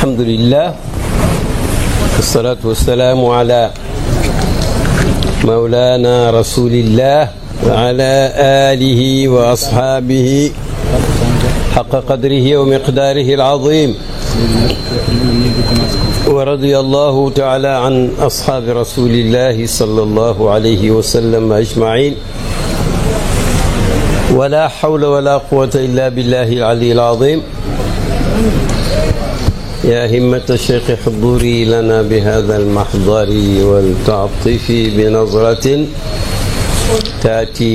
الحمد لله والصلاة والسلام على مولانا رسول الله وعلى آله وأصحابه حق قدره ومقداره العظيم ورضي الله تعالى عن أصحاب رسول الله صلى الله عليه وسلم أجمعين ولا حول ولا قوة إلا بالله العلي العظيم yaa himmata cheikh xuduri lana bi hada almaxdari waltaatifi bi nazratin taati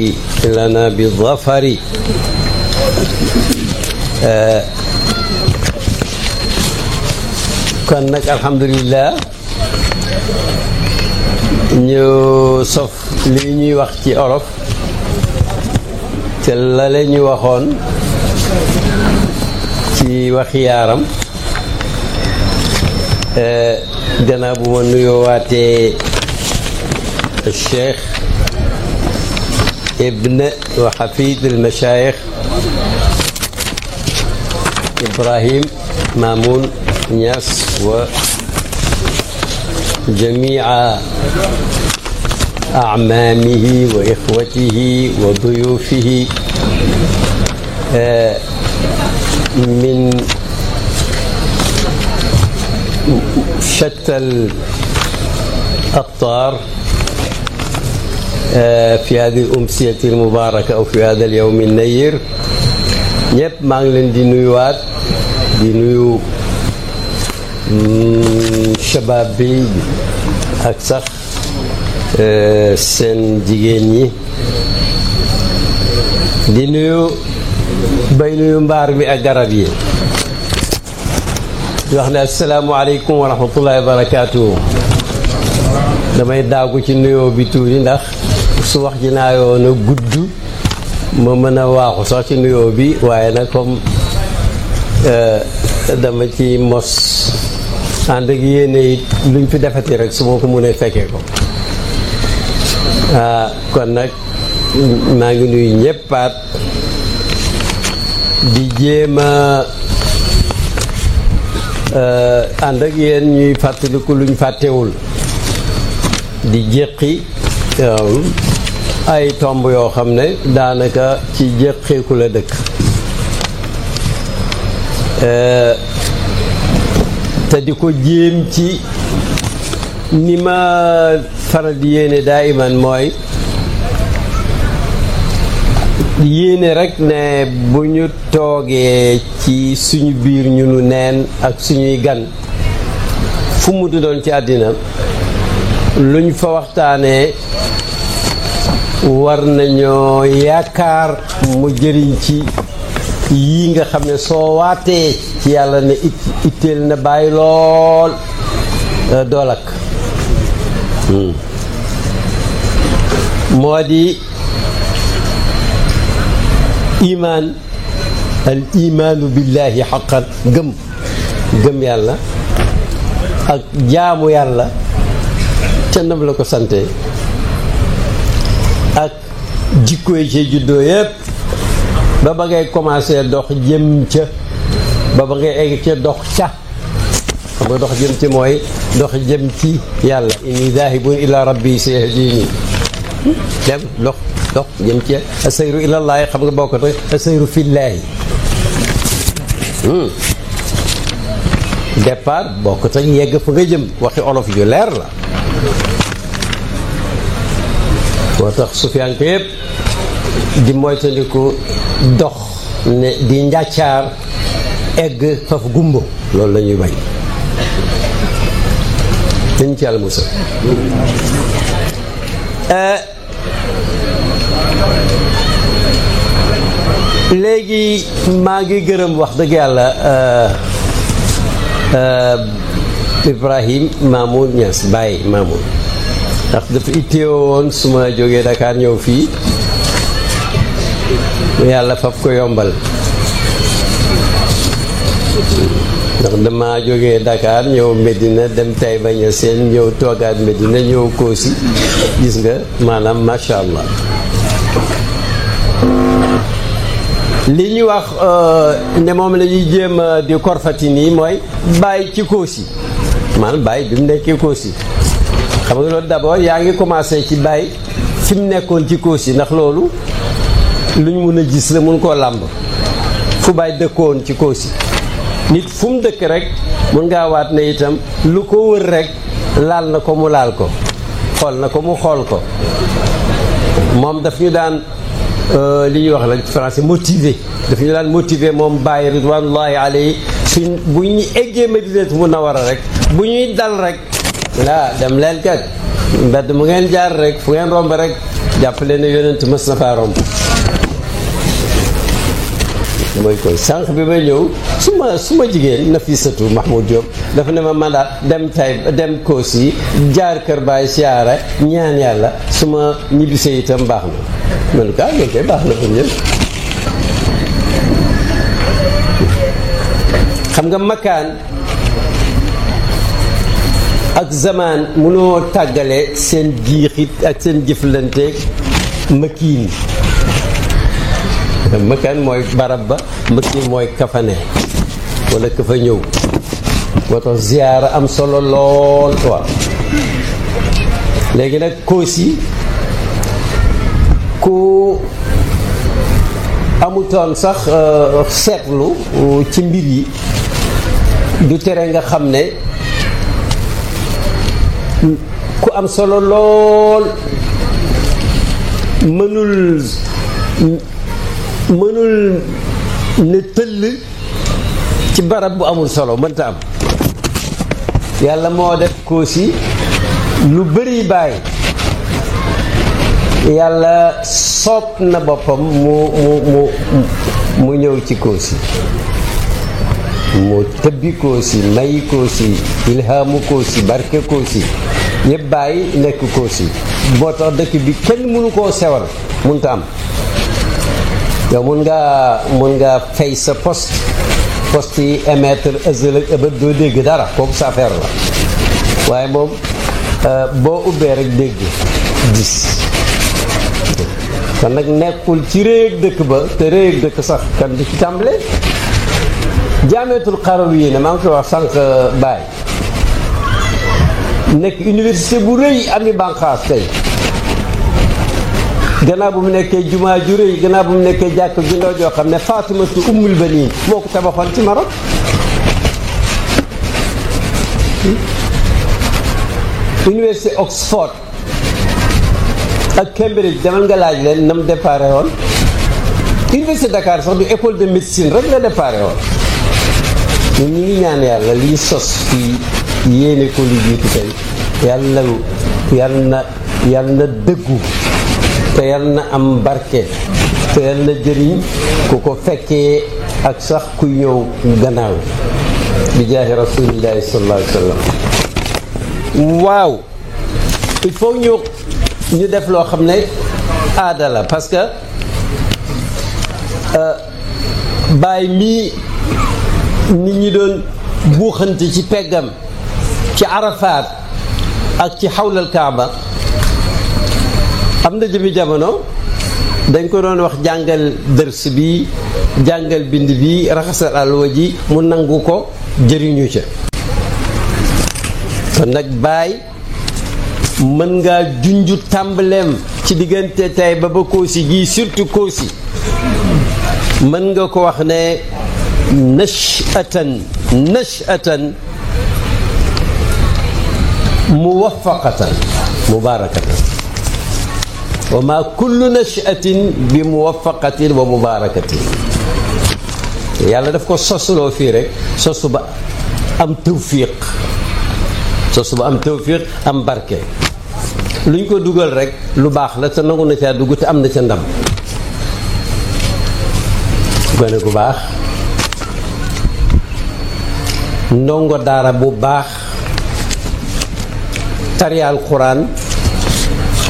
lana bi zafari kon nag alhamdulilah ñu sof lii ñuy wax ci olof te la la ñu waxoon ci waxi yaaram Euh, gannaaw bu ma nuyoowaatee Cheikh ibn wa xafid al mashayikh Ibrahim Mamoun Niass wa jamiica acmaamihi wa ixwatihi wa duyuufihi euh, min شتى الأقطار في هذه الأمسية المباركة أو في هذا اليوم النير ñëpp maa ngi leen di nuyuwaat di nuyu shabab bi ak sax seen jigéen ñi di nuyu bay nuyu mbaar mi ak garab yi di wax ne asalaamaaleykum wa rahmatullahi barakaatu. damay daagu ci nuyoo bi tuuti ndax su wax ji naayoo na gudd ma mën a waaxu sax ci nuyoo bi waaye nag comme euh, dama ci mos ànd ak yéene it luñ fi defati rek su ma ko mënee fekkee ko ah kon nag maa ngi nuyu ñëppaat di jéema Euh, ànd ak yéen ñuy fàttaliku luñ fàttewul di jéqi um, ay tomb yoo xam ne daanaka ci jéqiku la dëkk euh, te di ko jéem ci ni ma faral di yéene daay man mooy yéene rekk ne bu ñu toogee ci suñu biir ñunu nu neen ak suñuy gan fu mu di doon ci àddina luñ fa waxtaanee war nañoo yaakaar mu jëriñ ci yii nga xam ne soo waatee ci yàlla ne it itteel na bàyyi lool euh, doolak hmm. moo di imaan al imaanu billaahi xaqan gëm gëm yàlla ak jaamu yàlla ca nam la ko sante ak jikko yi ci juddoo yépp ba ba ngay commencé dox jëm ca ba ba ngay egg ca dox ca xam nga dox jëm ci mooy dox jëm ci yàlla inni daahibun ila rabbi sayahdini dem dox dox jëm ci asayru ilallaahi xam nga bokk na asayru fillaahi hmm. départ bokk tañ yegg fa nga jëm waxi olof yu leer la moo tax sufiyanke yëpp di moytandiku dox ne di njàccaar egg faf gumbo loolu la ñuy bañ dañu ci yàlla léegi maa ngi gërëm wax dëgg yàlla euh, euh, Ibrahim Mamoun Niass Baye Mamoun ndax dafa itteewoo woon su ma jógee dakaar ñëw fii yàlla fab ko yombal ndax dama jógee Dakar ñëw Medina dem Taïba seen ñëw toogaat Medina ñëw Koosi gis nga maanaam macha allah. li ñu wax euh, ne moom la ñuy jéem di korfati nii mooy bàyyi ci Kossy maanaam bàyyi bi mu nekkee Kossy xam nga loolu d'abord yaa ngi commencé ci bàyyi fi mu nekkoon ci Kossy ndax loolu lu ñu mun a gis la mun koo làmb fu bàyyi dëkkoon ci Kossy nit fu mu dëkk rek mun ngaa waat ne itam lu ko wër rek laal na ko mu laal ko xool na ko mu xool ko moom daf ñu daan Euh, li ñuy wax la français motivé daf ñu daan motivé moom bàyyi ridwanullahi alayhi suñ bu ñu eggee Madinatu Munawwara rek bu ñuy dal rek laa dem leen kat mbedd mu ngeen jaar rek fu ngeen romb rek jàpp leen ne yonent mës na faa romb mooy koy sànq bi may ñëw su ma su ma jigéen Nafisatu Mahmoud Diop dafa ne ma mandaat dem tay dem koos yi jaar kër baay siyaara ñaan yàlla su ma ñibbisee itam baax na ma ko ah loolu kay baax na pour ñëpp xam nga makaan ak zamaan mënoo tàggale seen jiixit ak seen jëflanteeg makiin mëkkaan mooy barab ba mëkki mooy kafane walla këfa fa ñëw moo tax ziyaara am solo lool quoi léegi nag koos yi ku amutoon sax euh, seetlu euh, ci mbir yi du tere nga xam ne ku am solo lool mënul mënul ne tëll ci barab bu amul solo mënta am yàlla moo def Kossy lu bari bàyyi yàlla soob na boppam mu mu mu mu ñëw ci Kossy mu tëbbi Kossy may Kossy ilhaamu Kossy barke Kossy yëpp bàyyi nekk Kossy boo tax dëkk bi kenn mënu koo sewal mënta am yow mun ngaa mun ngaa fay sa poste poste yi émettre ëslëg ëbët doo dégg dara kooku sa affaire la waaye moom euh, boo ubbee rek dégg gis kon nag nekkul ci réeg dëkk ba te réeg dëkk sax kan ci tàmbale jaameetul xarawi yi ne maa ngi koy wax sànq euh, baay nekk université bu rëy ami bànqaas tey gannaaw bu mu nekkee jumaa ju rëy gannaaw bu mu nekkee jàkk ju ndaw joo xam ne Faatimatu ummul baniin moo ko tabaxoon ci Maroc université Oxford ak Cambridge demal nga laaj leen na mu déparé woon université Dakar sax du école de médecine rek la déparé woon ñun ñu ngi ñaan yàlla li sos fii yéene ko lu jiitu tey yàlla yàlla yàlla dëggu te na am barke te na jëriñ ku ko fekkee ak sax ku ñëw gannaaw bi jaahi rasulillahi sallallahu alayhi waaw il faut ñëw ñu def loo xam ne aadala la parce que euh, baay mii nit ñi doon buuxante ci peggam ci arafaat ak ci xawlal kaaba xam na jamono dañ ko doon wax jàngal dërs bi jàngal bind bi raxasal alwa ji mu nangu ko jëriñu ca kon nag baay mën nga junju tàmbaleem ci diggante tay ba ba koosi gii surtout koosi mën nga ko wax ne nashatan nashatan muwafaqatan mubarakatan wa ma kullu nashatin bi muwafaqatin wa mubarakatin yàlla daf ko sosloo fii rek sosu ba am tawfiq sosu ba am tawfiq am barke lu ñu ko dugal rekk lu baax la te nangu na caa dugg te am na ca ndam gone gu baax ndongo daara bu baax tari alquran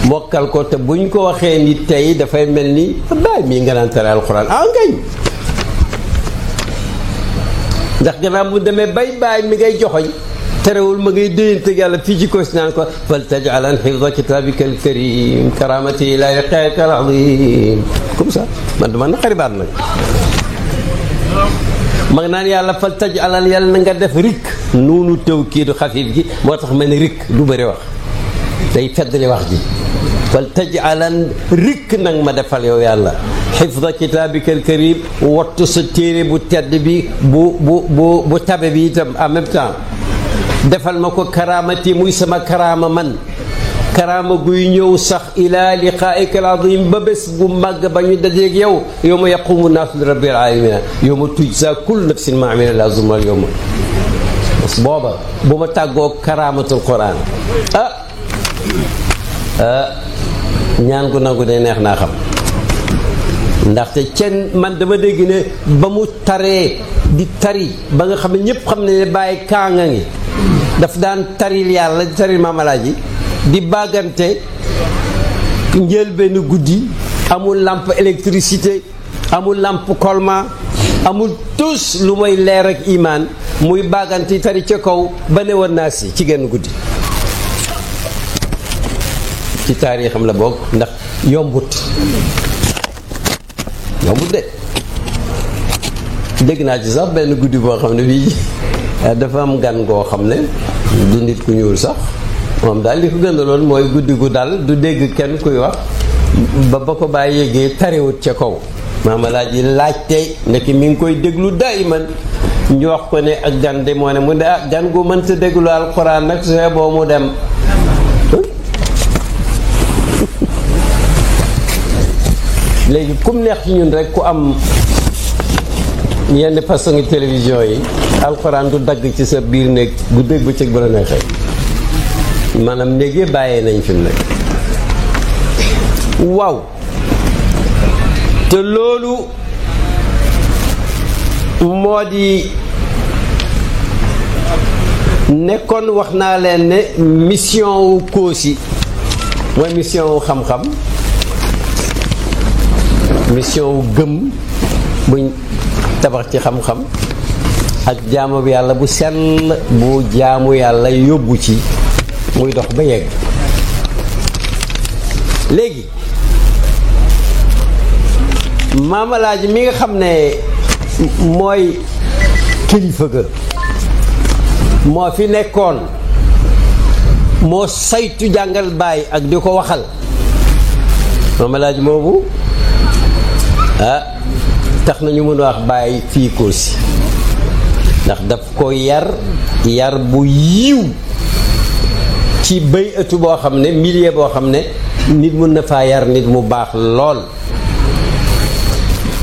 mokkal ko te buñ ko waxee ni tey dafay mel ni baay mii nga naan tere alxuraan ah ngañ ndax gannaaw bu demee bay baay mi ngay joxoñ terewul ma ngay déyante yàlla fii ci koos naan ko fal taj'alan xifda kitabika man na xaribaat nag mag naan yàlla fal taj'alan yàlla na nga def rik nuunu tawkiidu xafiif gi moo tax ma ne rikk du bëri wax day feddali wax ji fal tajcalan rikk nag ma defal yow yàlla xifda kitaabika alkarim wattu sa téere bu tedd bi bu bu bu bu tabe bi itam en même temps defal ma ko karaamati muy sama karaama man karaama guy ñëw sax ila liqaaika alazim ba bés bu màgg ba ñu dajeeg yow yow ma yaqumu naasu li rabbil alamina yow ma tujza kullu nafsin ma amila la zumma yow ma booba bu ma tàggoo karaamatul quran ah ñaan gu nangu de neex naa xam ndaxte kenn man dama dégg ne ba mu taree di tari ba nga xam ne ñëpp xam ne ne bàyyi kaanga ngi daf daan taril yàlla di taril maamalaaji di bàggante njël benn guddi amul làmp électricité amul làmp kolma amul tus lu may leer ak imaan muy bàggante tari ca kaw ba ne woon naa si ci genn guddi ci taarixam la bokk ndax yombut yombut de dégg naa ci sax benn guddi boo xam ne bii dafa am gan goo xam ne du nit ku ñuul sax moom daal li ko gënaloon mooy guddi gu dal du dégg kenn kuy wax ba ba ko baa yéegee tarewut ca kaw maama laaj yi laajte ndeke mi ngi koy déglu day man ñu wax ko ne ak gan de moo ne mu ne ah gan gu mënta déglu alxuraan nag su boo mu dem léegi kum neex ci ñun rek ku am yenn façon télévision yi alxuraan du dagg ci sa biir néeg bu dégg ba cëg bu la neexee maanaam bàyyee nañ fi nekk waaw te loolu moo di nekkoon wax naa leen ne mission wu koosi mooy mission wu xam-xam mission wu gëm buñ tabax ci xam-xam ak jaamu yàlla bu sell bu jaamu yàlla yóbbu ci muy dox ba yegg léegi maamalaaji mi nga xam ne mooy kilifa ga moo fi nekkoon moo saytu jàngal baay ak di ko waxal maamalaaji moobu ah tax nañu mën a wax bàyyi fii ko si ndax daf ko yar yar bu yiw ci béy ëttu boo xam ne milieu boo xam ne nit mën na faa yar nit mu baax lool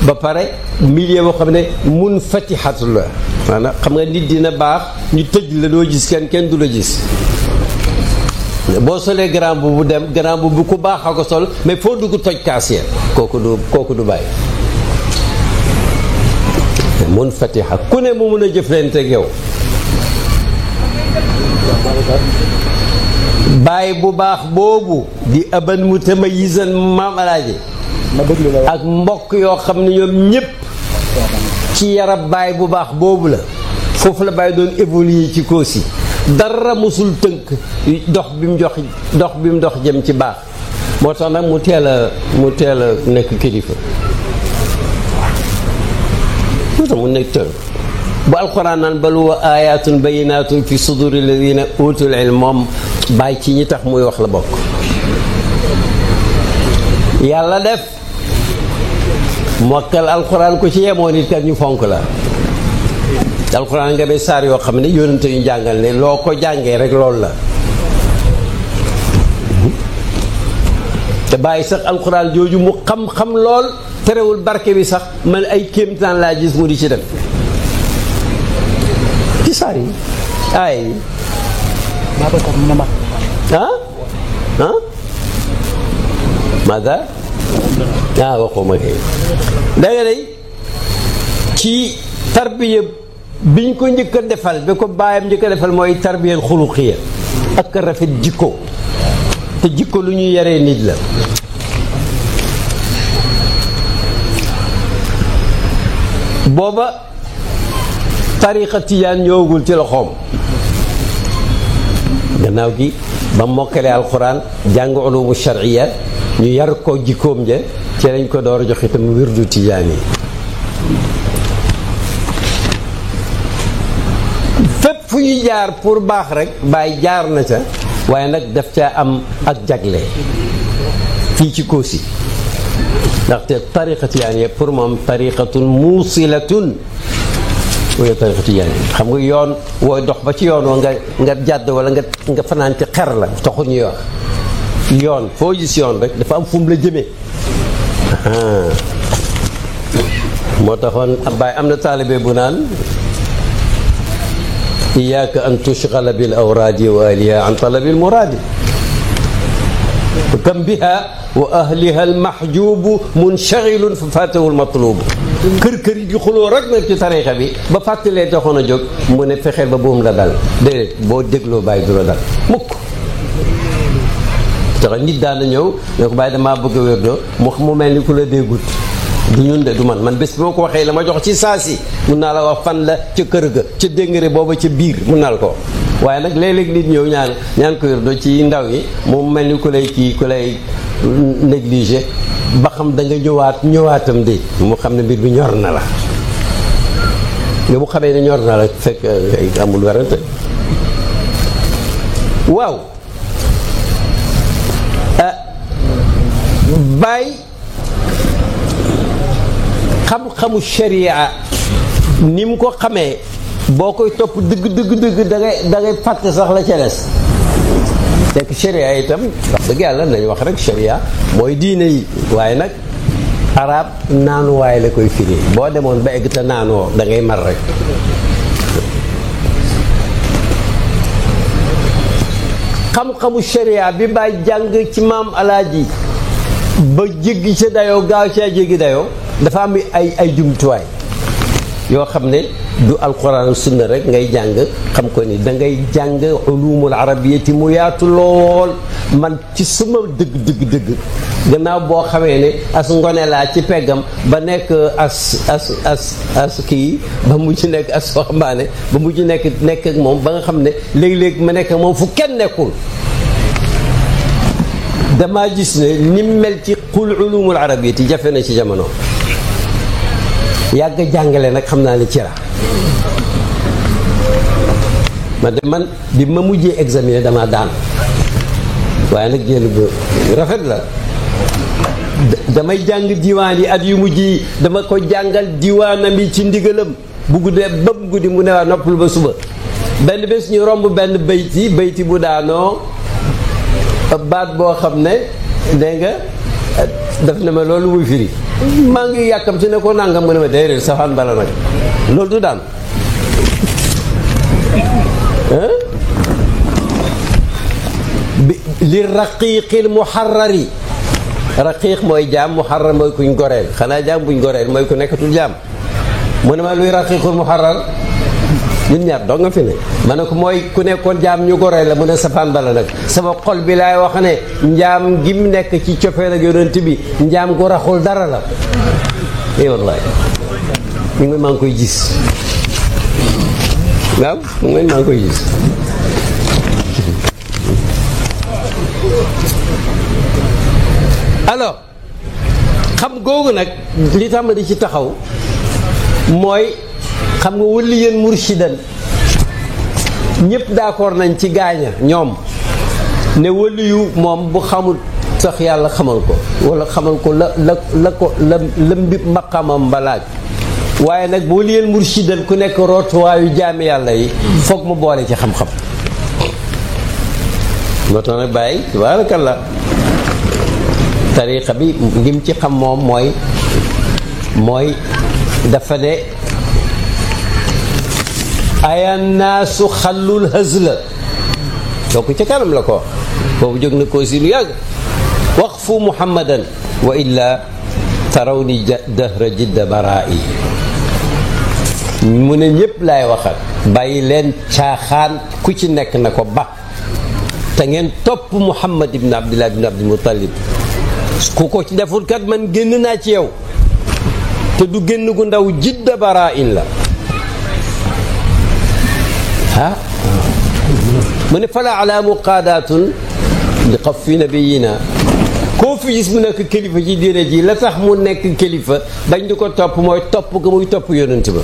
ba pare milieu boo xam ne mun fatixatu la maanaam xam nga nit dina baax ñu tëj la doo gis kenn kenn du la gis boo solee grand bu dem grand bu ku baax a ko sol mais foo dugg toj kaas kooku du kooku du bàyyi mun fatiha ku ne mu mun a jëflante ak yow bàyyi bu baax boobu di aban mu tamayisan maam alaaji ak mbokk yoo xam ne ñoom ñépp ci yarab bàyyi bu baax boobu la foofu la bàyyi doon évoluer ci Kossy dara mosul tënk dox bi mu jox dox bi mu dox jëm ci baax moo tax nag mu teel mu teel nekk kilifa moo tax mu nekk tënk bu alxuraan naan bal huwa aayatun bayyinaatun fi suduri alladina utul ilm moom bàyyi ci tax muy wax la bokk yàlla def mokkal alxuraan ko ci yemoon it kat ñu fonk la alxuraan nga ne saar yoo xam ne yónnante ñu jàngal ne loo ko jàngee rek loolu la te bàyyi sax alxuraan jooju mu xam-xam lool terewul barke bi sax man ay kéemtaan laa gis mu di ci dem ci saar yi aay ah ah maada ah, waxuma kay da nga ci tarbiya biñ ko njëkk a defal bi ko baayam njëkk a defal mooy tarbiyal xuluqiya ak rafet jikko te jikko lu ñuy yare nit la booba tariqa tijaan ñëwagul ci loxoom gannaaw gi ba mokkale alquran jàng ulumu shariya ñu yar ko jikkoom ja ci lañ ko door a jox itam wirdu tijaan yi fu ñu jaar pour baax rek Baye jaar na ca waaye nag daf caa am ak jagle fii ci Kossy ndaxte tariqa ya pour moom tariqatun muusilatun wala tariqa tijaaniya xam nga yoon wooy dox ba ci yoon wa nga nga jàdd wala nga nga fanaan ci xer la taxu ñuy wax yoon foo gis yoon rek dafa am fum la jëmee moo taxoon Baye am na taalibe bu naan iyaaka an tushgala bil awraadi wa ahliha an talabil muraadi kam biha wa ahliha almahjubu munshagilun fa faatahu almatlubu kër kër yi di xuloo rek nag ci tarixa bi ba fàttalee taxoon a jóg mu ne fexeel ba buum la dal déedéet boo dégloo bàyyi du la dal mukk tax nit daana ñëw ne ko bàyyi damaa bëgg a wér do mu mel ni ku la déggut du ñun de du man man bés bi ko waxee la ma jox ci saa si mun naa la wax fan la ca kër ga ca déngare booba ca biir mun naa la ko waaye nag léeg-léeg nit ñëw ñaan ñaan ko wirdo ci ndaw yi moom mel ni ku lay kii ku lay négligé ba xam da ñëwaat ñëwaatam de mu xam ne mbir bi ñor na la nga mu xamee ne ñor na la fekk amul werante waaw ah xam-xamu sharia ni mu ko xamee boo koy topp dëgg dëgg dëgg da ngay da fàtte sax la ca des fekk sharia itam wax dëgg yàlla dañu wax rek sharia mooy diine yi waaye nag arab naanuwaay la koy firi boo demoon ba egg te naanoo da ngay mar rekk xam-xamu sharia bi bàyyi jàng ci maam alaaji ba jéggi sa dayoo gaaw caa jéggi dayoo dafa am ay ay jumtuwaay yoo xam ne du alquran sunna rek ngay jàng xam ko ni da ngay jàng ulumul arabiyati mu yaatu lool man ci suma dëgg dëgg dëgg gannaaw boo xamee ne as ngone laa ci peggam ba nekk as as as as kii ba mujj nekk as waxambaane ba mujj nekk nekk ak moom ba nga xam ne léeg-léeg ma nekk ak moom fu kenn nekkul damaa gis ne ni mel ci qul ulumul arabiyati jafe na ci jamono yàgg jàngale nag xam naa ne ci la ma de man bi ma mujjee examiné dama daan waaye nag génn bu rafet la damay jàng diwaan yi at yu mujj yi dama ko jàngal diwaanam yi ci ndigalam bu guddee ba bu guddi mu ne waa noppalu ba suba benn bés ñu romb benn bayti bayti bu daanoo baat boo xam ne dégg nga daf ne ma loolu muy firi maa ngi yàkkam ci ne ko nangam nga ne ma déedéet safaan bala nag loolu du daan li raqiqil muharrari raqiq mooy jaam muharrar mooy kuñ goreel xanaa jaam buñ goreel mooy ku nekkatul jaam mu ne ma luy raqiqul muharrar ñun ñaar doo nga fi ne ma ne ko mooy ku nekkoon jaam ñu goree la mu ne safaan bala nag sama xol bi laay wax ne njaam gi mu nekk ci cofeel ak yonent bi njaam gu raxul dara la i eh, wallaay ñu ngi koy gis waaw mu ngi xam googu nag li tax di ci taxaw mooy xam nga waliyan mursidan ñëpp d'accord nañ ci gaaña ñoom ne waliyu moom bu xamul sax yàlla xamal ko wala xamal ko la la la ko la mbib maqamam ba laaj waaye nag bu waliyan mursidan ku nekk rootuwaayu jaami yàlla yi foog mu boole ci xam-xam moo ci xam moom mooy mooy dafa ne ayannaasu xallul hazla kooku ca kanam la ko boobu jóg na ko si lu yàgg waqfu muhammadan wa illaa taraw ni dahra jidda baraa'i mu ne ñépp laay waxal bàyyi leen caaxaan ku ci nekk na ko ba te ngeen topp muhammad ibn abdullah ibn abdul ku ko ci deful kat man génn naa ci yow te du génn gu ndaw jidda baraain la ah mu ne fala alaamu qaadaatun li xaf fi nabiyina koo fi gis mu nekk kilifa ci diine ji la tax mu nekk kilifa dañ di ko topp mooy topp ga muy topp yonent ba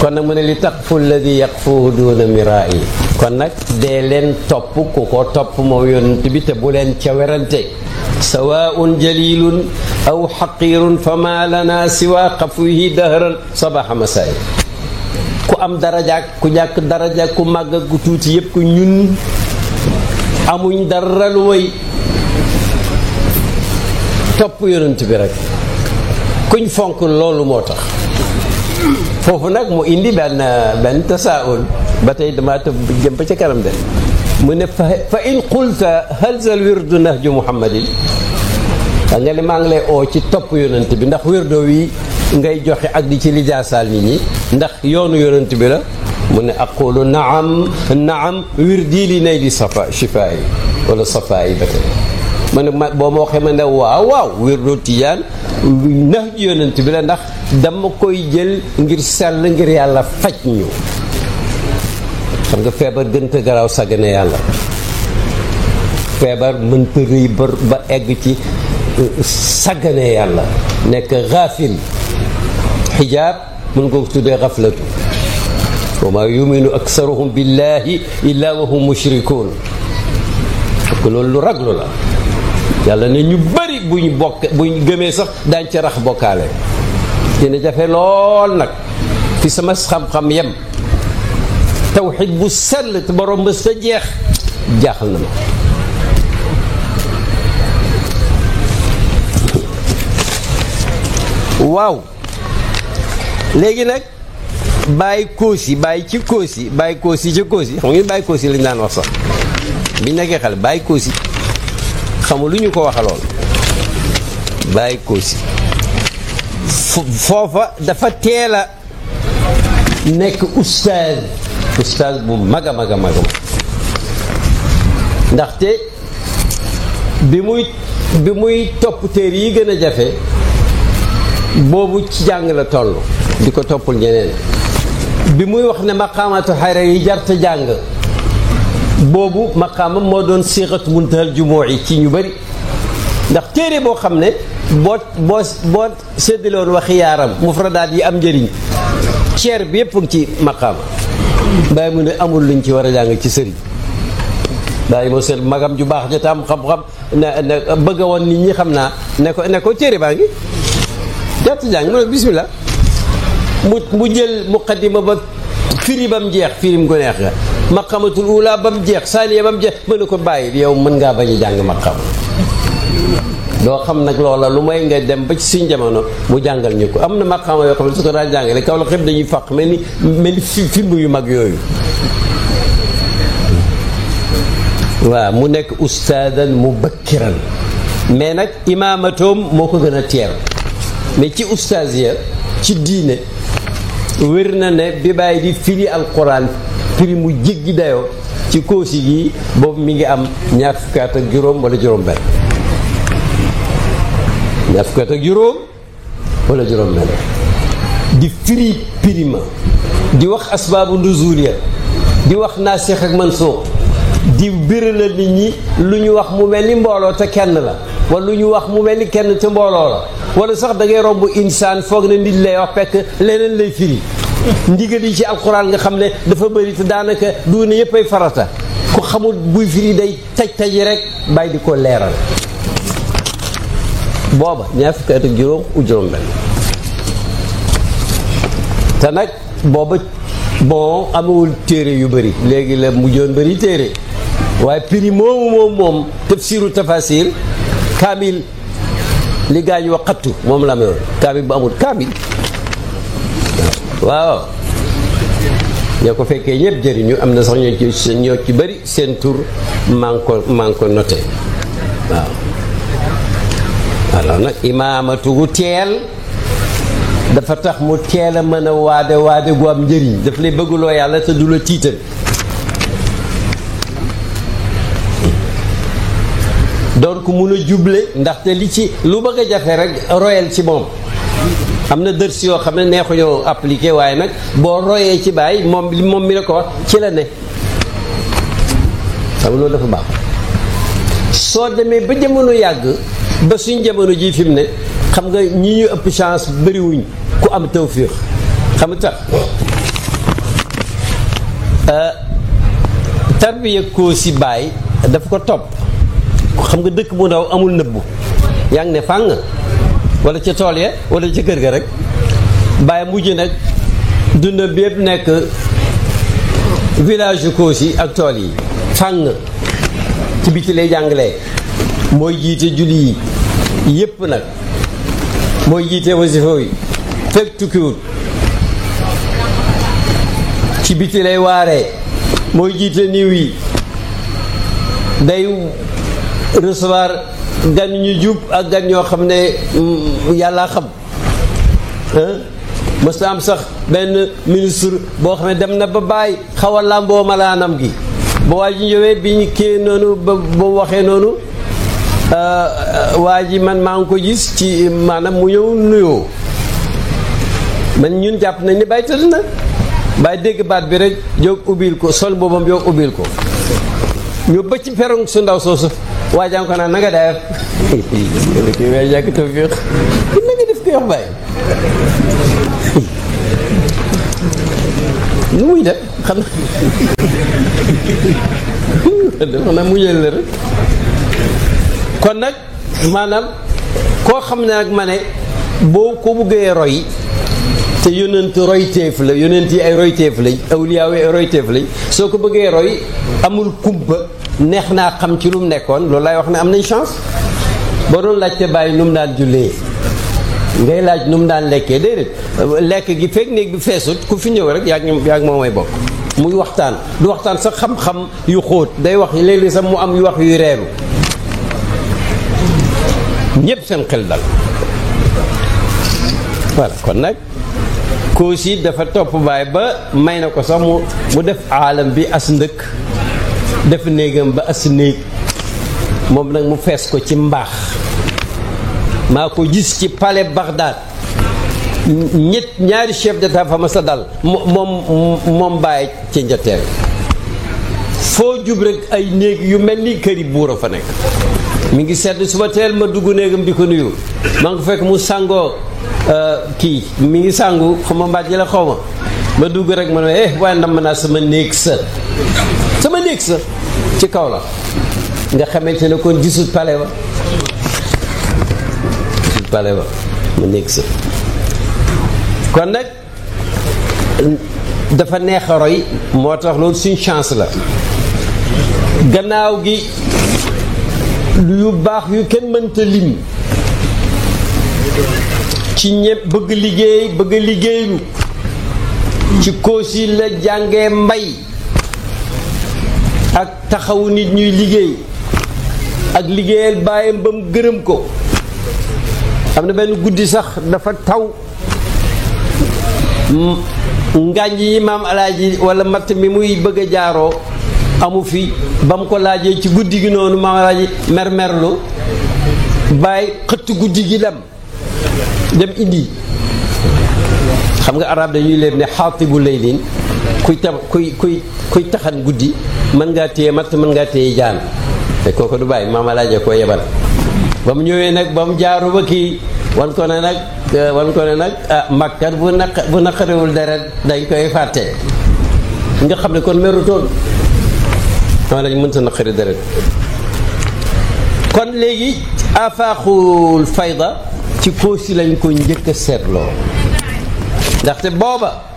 kon nag mu ne li taqfu alladi yaqfuhu duuna miraayi kon nag dee leen topp ku ko topp moom yonent bi te bu leen ca werante sawaun jalilun aw xaqirun fa ma lana siwa xafwihi dahran sabaxa masaay ku am darajaak ku ñàkk darajaak ku màgg ak tuuti yépp ku ñun amuñ dara lu woy topp yonent bi rek kuñ fonk loolu moo tax foofu nag mu indi benn benn tasaawul ba tey dama tëb jëm ba kanam de mu ne fa in qulta hal zal wirdu nahju muhammadin da nga ne maa ngi lay oo ci topp yonent bi ndax wirdo wi ngay joxe ak di ci lijaasaal nit ñi ndax yoonu yonent bi la mu ne aqulu naam naam wirdi li nay li safa shifaa yi wala safa yi ba tey ma ne ma boo ma waxee ma ne waaw waaw wirdu tijaan ndax yonent bi la ndax dama koy jël ngir sell ngir yàlla faj ñu xam nga feebar gënta garaaw sàggane yàlla feebar mënta rëy ba egg ci euh, sàggane yàlla nekk gaafil xijaab mun ko tuddee xaflatu wa maa yuminu aksaruhum billahi illa wa hum mushrikuun ko loolu lu raglu la yàlla ne ñu bari buñ bokk buñ gëmee sax daañ ca rax bokkaale dina jafe lool nag fi sama xam-xam yem tawxid bu sell te borom bés ta jeex jaaxal na ma waaw léegi nag bàyyi koos yi bàyyi ci koos yi bàyyi koos yi ca koos yi bàyyi koos lañ daan wax sax bi nekkee xale bàyyi koos yi xamul lu ñu ko waxaloon bàyyi koos foofa dafa teel a nekk oustaz oustaz bu mag a mag a mag ndaxte bi muy bi muy topp téer yi gën a jafe boobu ci jàng la toll di ko toppul ñeneen bi muy wax ne maqaamatu xayra yi jarta jàng boobu maqaama moo doon siixatu muntahal jumoo yi ci ñu bari ndax téere boo xam ne boo boo boo séddaloon waxi yaaram mufradaat yi am njëriñ ceer bi yëpp ngi ci maqaama bàyyi mu ne amul luñ ci war a jàng ci sëriñ bàyyi moo seet magam ju baax ja tam xam-xam na na bëgg woon nit ñi xam naa ne ko ne ko téere baa ngi jarta jàng mu ne bismillah mu mu jël muqaddima ba firi ba mu jeex firim ko neex ga maqamatul ula ba mu jeex saaniya ba mu jeex mën na ko bàyyi yow mën ngaa bañ jàng maqam loo xam nag loola lu may nga dem ba ci suñ jamono mu jàngal ñu ko am na maqama yoo xam ne su ko daan jàngale kaw la xëpp dañuy fàq mel ni mel ni film yu mag yooyu waaw mu nekk ustaadan mubakkiran mais nag imaamatoom moo ko gën a teel mais ci ustaas ya ci diine wér na ne bi bàyyi di firi alquran firi mu jéggi dayoo ci koosi gi boobu mi ngi am ñaar fukki at ak juróom wala juróom benn ñaar fukki at ak juróom wala juróom benn di firi pirima di wax asbaabu nuzuliya di wax naasix ak mansuux di béralal nit ñi lu ñu wax mu mel ni mbooloo te kenn la wala lu ñu wax mu mel ni kenn te mbooloo la wala sax dangay ngay romb insaan foog na nit lay wax pekk leneen lay firi ndigal yi ci alxuraan nga xam ne dafa bëri te daanaka du ne yëpp ay farata ku xamul buy firi day taj taj rek bàyyi di ko leeral booba ñaar fukki at ak juróom u juróom te nag booba bon amewul téere yu bëri léegi la joon bëri téere waaye prix moomu moom moom tafsiru tafasir kaamil li gaa yi wax moom la amee woon kaamil bu amul kaamil waaw ñoo ko fekkee ñëpp jëriñu am na sax ñoo ci ñoo ci bëri seen tur maa ngi ko maa ngi ko noté waaw alors nag imaamatu gu teel dafa tax mu teel a mën a waade waade gu am njëriñ daf lay bëggloo yàlla te du la tiital donc mun a juble ndaxte li ci lu bëgg a jafe rek royal ci moom am na dërs yoo xam ne neexuñoo appliqué waaye nag boo royee ci bàyyi moom moom mi la ko wax ci la ne xam loolu dafa baax soo demee ba jamono yàgg ba suñ jamono ji fi mu ne xam nga ñi ñu ëpp chance bëriwuñ ku am tawfiix xam nga tax euh, tarbiya ko si bàyyi daf ko topp xam nga dëkk bu ndaw amul nëbbu yaa ngi ne fàng wala ca tool ya wala ca kër ga rek bàyyi mujj nag dundam bi yëpp nekk village yu yi ak tool yi fàng ci biti lay jàngalee mooy jiite julli yi yëpp nag mooy jiite wasifoo yi fekk tukkiwut ci biti lay waaree mooy jiite niiw yi day recevoir gan ñu jub ak gan ñoo xam ne mm, yàlla xam mës na am sax benn ministre boo xam ne dem na ba bàyyi xaw a làmboo malaanam gi ba waa ji ñëwee bi ñu kii noonu ba ba waxee noonu euh, euh, waa ji man maa ngi ko gis ci maanaam mu ñëw nuyoo man ñun jàpp nañ ni bàyyi tëdd na bàyyi dégg baat bi rek jóg ubbil ko sol boobam jóg ubbil ko ñu bëcc perong su ndaw soosu waajam ko naan na nga def kii kon nag maanaam koo xam ne nag ma ne boo ko buggee roy te yonent royteef la yonent yi ay royteef lañ awliyaaw ay royteef lañ soo ko bëggee roy amul kumpa neex naa xam ci lu mu nekkoon loolu laay wax ne am nañ chance boo doon laajte bàyyi nu mu daan jullee ngay laaj nu mu daan lekkee déedéet lekk gi fekk néeg bi feesut ku fi ñëw rek yaa ngi yaa ngi moomay bokk muy waxtaan du waxtaan sax xam-xam yu xóot day wax léeg-léeg sax mu am yu wax yuy reeru ñépp seen xel dal voilà kon nag koosi dafa topp baay ba may na ko sax mu mu def aalam bi as ndëkk def néegam ba as néeg moom nag mu fees ko ci mbaax maa ko gis ci palais Bagdad ñett ñaari chef d'état fa ma sa dal moom moom bàyyi ci njateel foo jub rek ay néeg yu mel ni këri buur a fa nekk mu ngi sedd suba teel ma dugg néegam di ko nuyu maa ngi fekk mu sàngoo euh, kii mi ngi sàngu xaw ma mbaaj xaw ma ma dugg rek ma ne eh waaye ndam naa sama néeg sa ci kaw la nga xamante ne kon gisut pale ba gisut pale ba mu nekk si kon nag dafa neex a roy moo tax loolu suñ chance la gannaaw gi yu baax yu kenn mënta lim ci ñëpp bëgg liggéey bëgg liggéeylu ci koosi la jàngee mbay ak taxawu nit ñuy liggéey ak liggéeyal baayam ba gërëm ko am na benn guddi sax dafa taw ngànj yi maam alaaji wala matt mi muy bëgg jaaroo amu fi ba mu ko laajee ci guddi gi noonu maam alaaji mermerlu bàyyi xëtt guddi gi dem dem indi xam nga arab dañuy léeb ne xaatibu laylin kuy tab kuy kuy kuy taxan guddi mën ngaa téye matt mën ngaa téye jaan te kooko du bàyyi maama laaje koo yebal ba mu ñëwee nag ba mu jaaru ba kii wan ko ne nag wan ko ne nag ah makkat bu naq naqarewul deret dañ koy fàtte nga xam ne kon merutoon ama lañ mënta naqari deret kon léegi afaaxul fayda ci koosi lañ ko njëkk seetloo ndaxte booba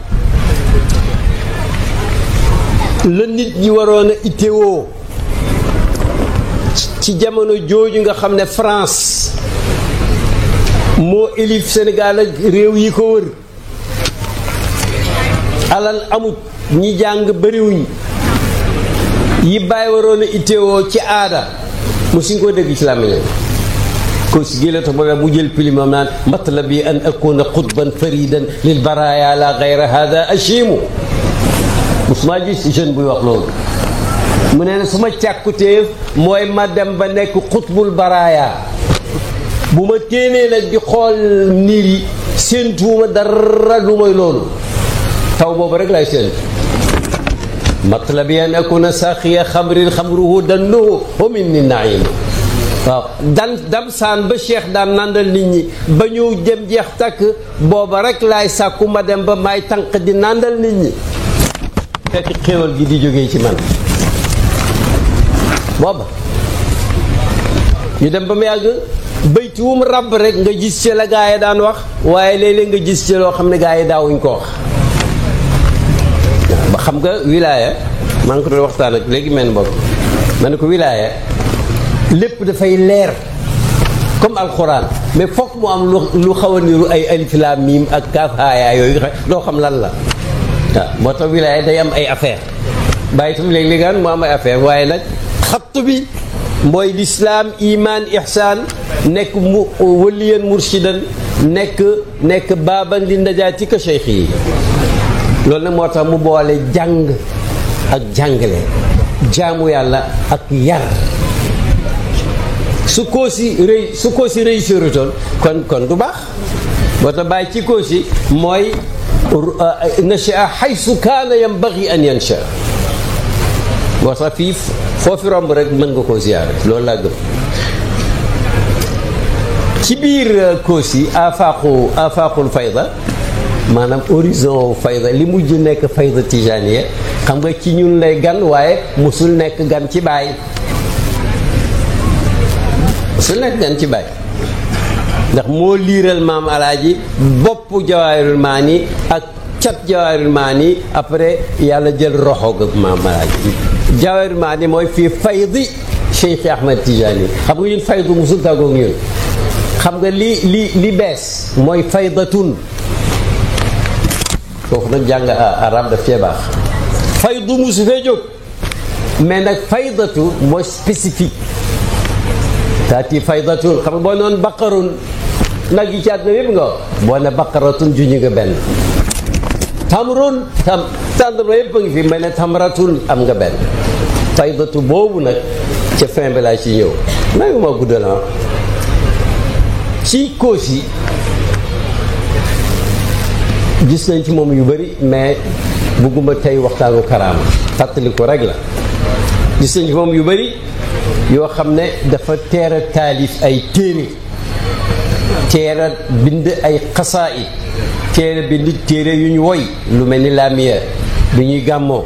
la nit ñi waroon a itteewoo ci jamono jooju nga xam ne France moo élif Sénégal ak réew yi ko wër alal amut ñi jàng bëriwuñ yi bàyyi waroon a itteewoo ci aada suñ koo dégg ci làmmiñam ko si gii la tax mu jël pilimam naan matlabi an akuna qutban faridan lil baraya la gayra hada musuma gis jeune buy wax loolu mu ne su ma càkkutéef mooy ma dem ba nekk xutbul baraaya bu ma téenee nag di xool niir yi séentuwuma dara lu mooy loolu taw boobu rek lay séentu matlabi an akuna saaxiya xamrin xamruhu dannuhu wa minni naim waaw dan dam ba cheikh daan nandal nit ñi ba ñu jëm jeex takk booba rek lay sàkku ma dem ba may tànq di nàndal nit ñi fekk xéewal gi di jógee ci man booba ñu dem ba mu yàgg bayti ràbb rek nga gis ci la gaa yi daan wax waaye léeg nga gis ci loo xam ne gaa yi daawuñ ko wax ba xam nga wilaaya maa ngi ko doon waxtaan ak léegi mel mbokk ma ne ko wilaaya lépp dafay leer comme alxuraan mais foog mu am lu xaw a niru ay alif miim ak kaaf yooyu loo xam lan la waaw moo tax wilaya day am ay affaire bàyyi itam léeg-léegaan mu am ay affaire waaye nag xatt bi mooy lislaam iman ihsaan nekk mu waliyan murshidan nekk nekk baaban li najaati ka yi loolu nag moo tax mu boole jàng ak jàngale jaamu yàlla ak yar su koosi rëy su koosi réussirutoon kon kon du baax moo tax bàyyi ci koosi mooy Uh, nashaa xaysu kaana yambagi an yansha moo tax fii foo fi romb rek mën nga koo ziyaare loolu laa gëm ci biir uh, koos yi afaaqu afaaqul fayda maanaam horizon fayda li mujj nekk fayda tijaaniya xam nga ci ñun lay gan waaye musul nekk gan ci baay musul nekk gan ci baay ndax moo liiral maam alaaji bopp jawaahirul maani ak cat jawaahirul maani après yàlla jël roxo ga maam malaaj jawaahirul maani mooy fi faydi Cheikh Ahmed Tijani xam nga ñun faydu musul tàggoog ñun xam nga li li li bees mooy faydatun foofu nag jàng arab daf cee baax musu fee jóg mais nag faydatu mooy spécifique taati faydatun xam nga boo noon baqarun nag yi ci àdduna yëpp nga boo ne baqaratun juñu nga benn tamrun tam tàndarma yëpp a ngi fi mel ne tamratun am nga benn faydatu boobu nag ca fin bi ci ñëw may ah. ci cause gis nañ ci moom yu bari mais bugguma tey waxtaanu karaama fàttali ko rek la gis nañ ci moom yu bari yoo xam ne dafa teera a taalif ay téere teel bind ay xasaayid teel bind téere yu ñu woy lu mel ni laamiya bi ñuy gàmmoo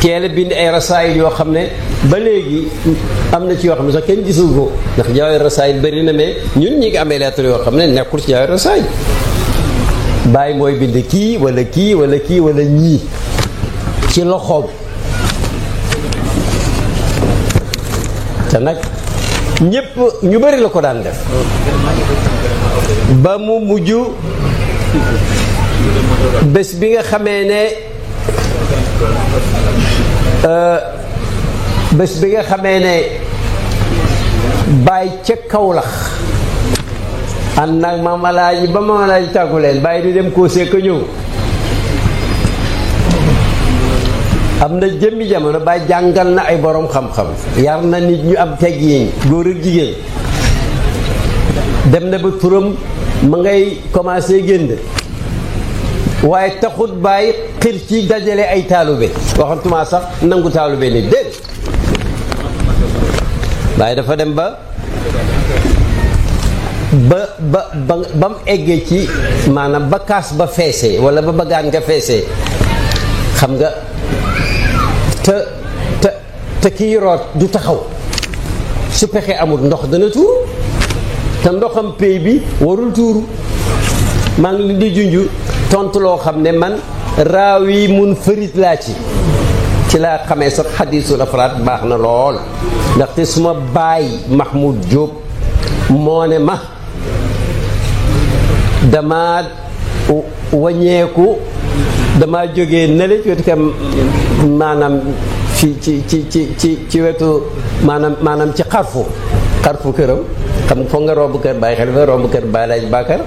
teel bind ay rasaayil yoo xam ne ba léegi am na ci yoo xam ne sax kenn gisul ko ndax jaaway rasaayil bëri na mais ñun ñi ngi amee lettre yoo xam ne nekkul ci jaaway rasaayil bàyyi mooy bind kii walla kii wala kii walla ñii ci loxoom te nag ñépp ñu bari la ko daan def ba mu mujj bés bi nga xamee ne euh, bés bi nga xamee ne bàyyi ca kawlax ànd nag mamalaaji ba mamalaaji tàggu leen bàyyi di dem koosee ka ñëw am na jëmmi jamono Baye jàngal na ay boroom xam-xam yar na nit ñu am teg yi góor ak jigéen dem na ba turam mu ngay commencé génn waaye taxut Baye xir ci dajale ay taalube waxantuma sax nangu taalube ni déet Baye dafa dem ba ba ba ba mu eggee ci maanaam bakaas ba feesee wala ba bagaan nga feesee xam nga te te te kii du taxaw su pexe amul ndox dana tuuru te ndoxam pay bi warul tuur maa ngi di junj tontu loo xam ne man raaw yi mun farit laa ci ci laa xame sax xadiisul afraad baax na lool ndaxte suma baay Mahmoud Diop moo ne ma dama waññeeku dama jóge nele ci maanaam ci ci ci ci ci ci wetu maanaam maanaam ci xarfu xarfu këram xam foog nga romb kër Baye Xalifa romb kër Baye Laaj Bakar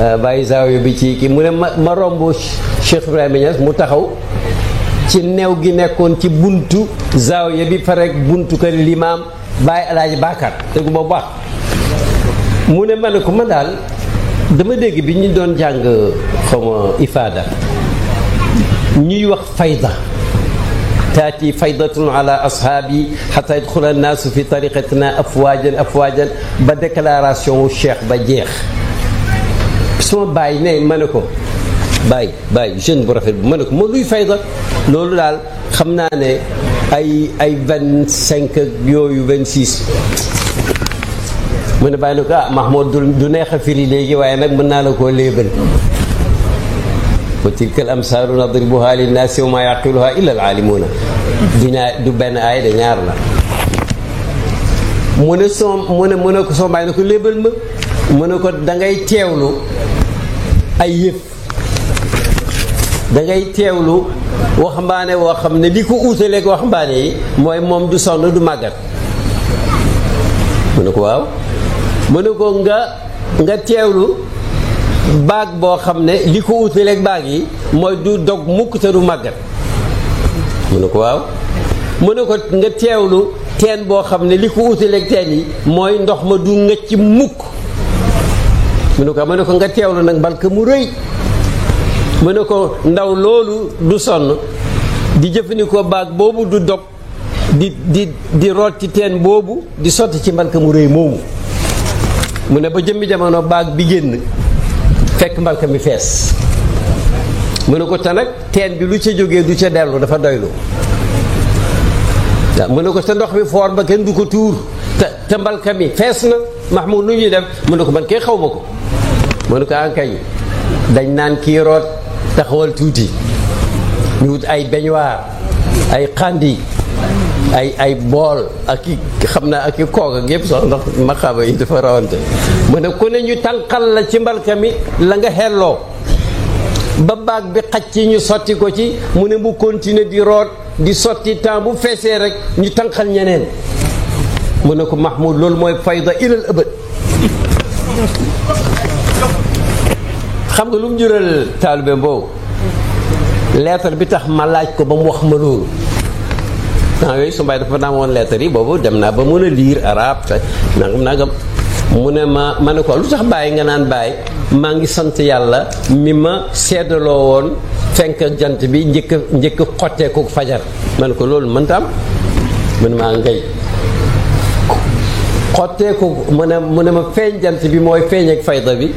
euh, bi ci kii mu ne ma ma romb Cheikh Ibrahima Niass mu taxaw ci new gi nekkoon ci buntu Zawiya bi fa rek buntu kër limaam Baye Alaaji Bakar déggu ma bu baax mu ne ma ne ko ma daal dama dégg bi ñu doon jàng xawma ifaada ñuy wax fayda taati faydatun ala ashaabi xata yadxula annaasu fi tariqatina afwaajan afwaajan ba déclaration wu cheikh ba jeex suma bàyyi ne ma ne ko bàyyi bàyyi jeune bu rafet bu ma ne ko moo luy fayda loolu daal xam naa ne ay ay vingt cinq yooyu vingt six mu ne bàyyi ne ko ah Mahmoud du neex a firi léegi waaye nag mën naa la koo léebal wa tilka al amsaalu nadribuha linnaasi wa maa yaqiluha illa al aalimuuna du ñaar du benn aay de ñaar la mu ne soo mu ne mu ne ko soo mbaay ne ko lébal ma mu ne ko dangay teewlu ay yëf dangay teewlu waxambaane woo xam ne li ko uutaleeg waxambaane yi mooy moom du sonn du màggat mu ne ko waaw mu ne ko nga nga teewlu baag boo xam ne li ko utaleeg baag yi mooy du dog mukk te du màggat mu ne ko waaw mu ne ko nga teewlu teen boo xam ne li ko utaleeg teen yi mooy ndox ma du ngëcc mukk mu ko mu ne ko nga teewlu nag mbalka mu rëy mu ne ko ndaw loolu du sonn di jëfandikoo baag boobu du dog di di di root ci teen boobu di sotti ci mbalka mu rëy moomu mu ne ba jëmmi jamono baag bi génn fekk mbalka mi fees mu ne ko te nag teen bi lu ca jógee du ca dellu dafa doylu waaw mu ne ko sa ndox mi foor ba kenn du ko tuur te te mbalka mi fees na Mahmoud nu ñuy def mu ne ko man kay xaw ma ko mu ne ko ankay ah dañ naan kii root taxawal tuuti ay beñuwaar ay xandi ay ay bool ak i xam naa ak i koog ak yëpp sax ndax maqaaba yi dafa rawante mu ne ku ne ñu tànqal la ci mbalka mi la nga xelloo ba baag bi xaj ci ñu sotti ko ci mu ne mu continuer di root di sotti temps bu feesee rek ñu tànqal ñeneen mu ne ko Mahmoud loolu mooy fayda ilal ëbët xam nga lu mu jural taalibe mboobu lettre bi tax ma laaj ko ba mu wax ma loolu temps yooyu su mbay dafa naa woon lettre yi boobu dem naa ba mën a lire arabe nangam nangam mu ne ma ma ne ko lu tax bàyyi nga naan bàyyi maa ngi sant yàlla mi ma seddaloo woon fenk jant bi njëkk njëkk xottee ko fajar ma ne ko loolu mënta am mu ne maa ah, ngay xotteeku mu ne ma feeñ bi mooy feeñ ak fayda bi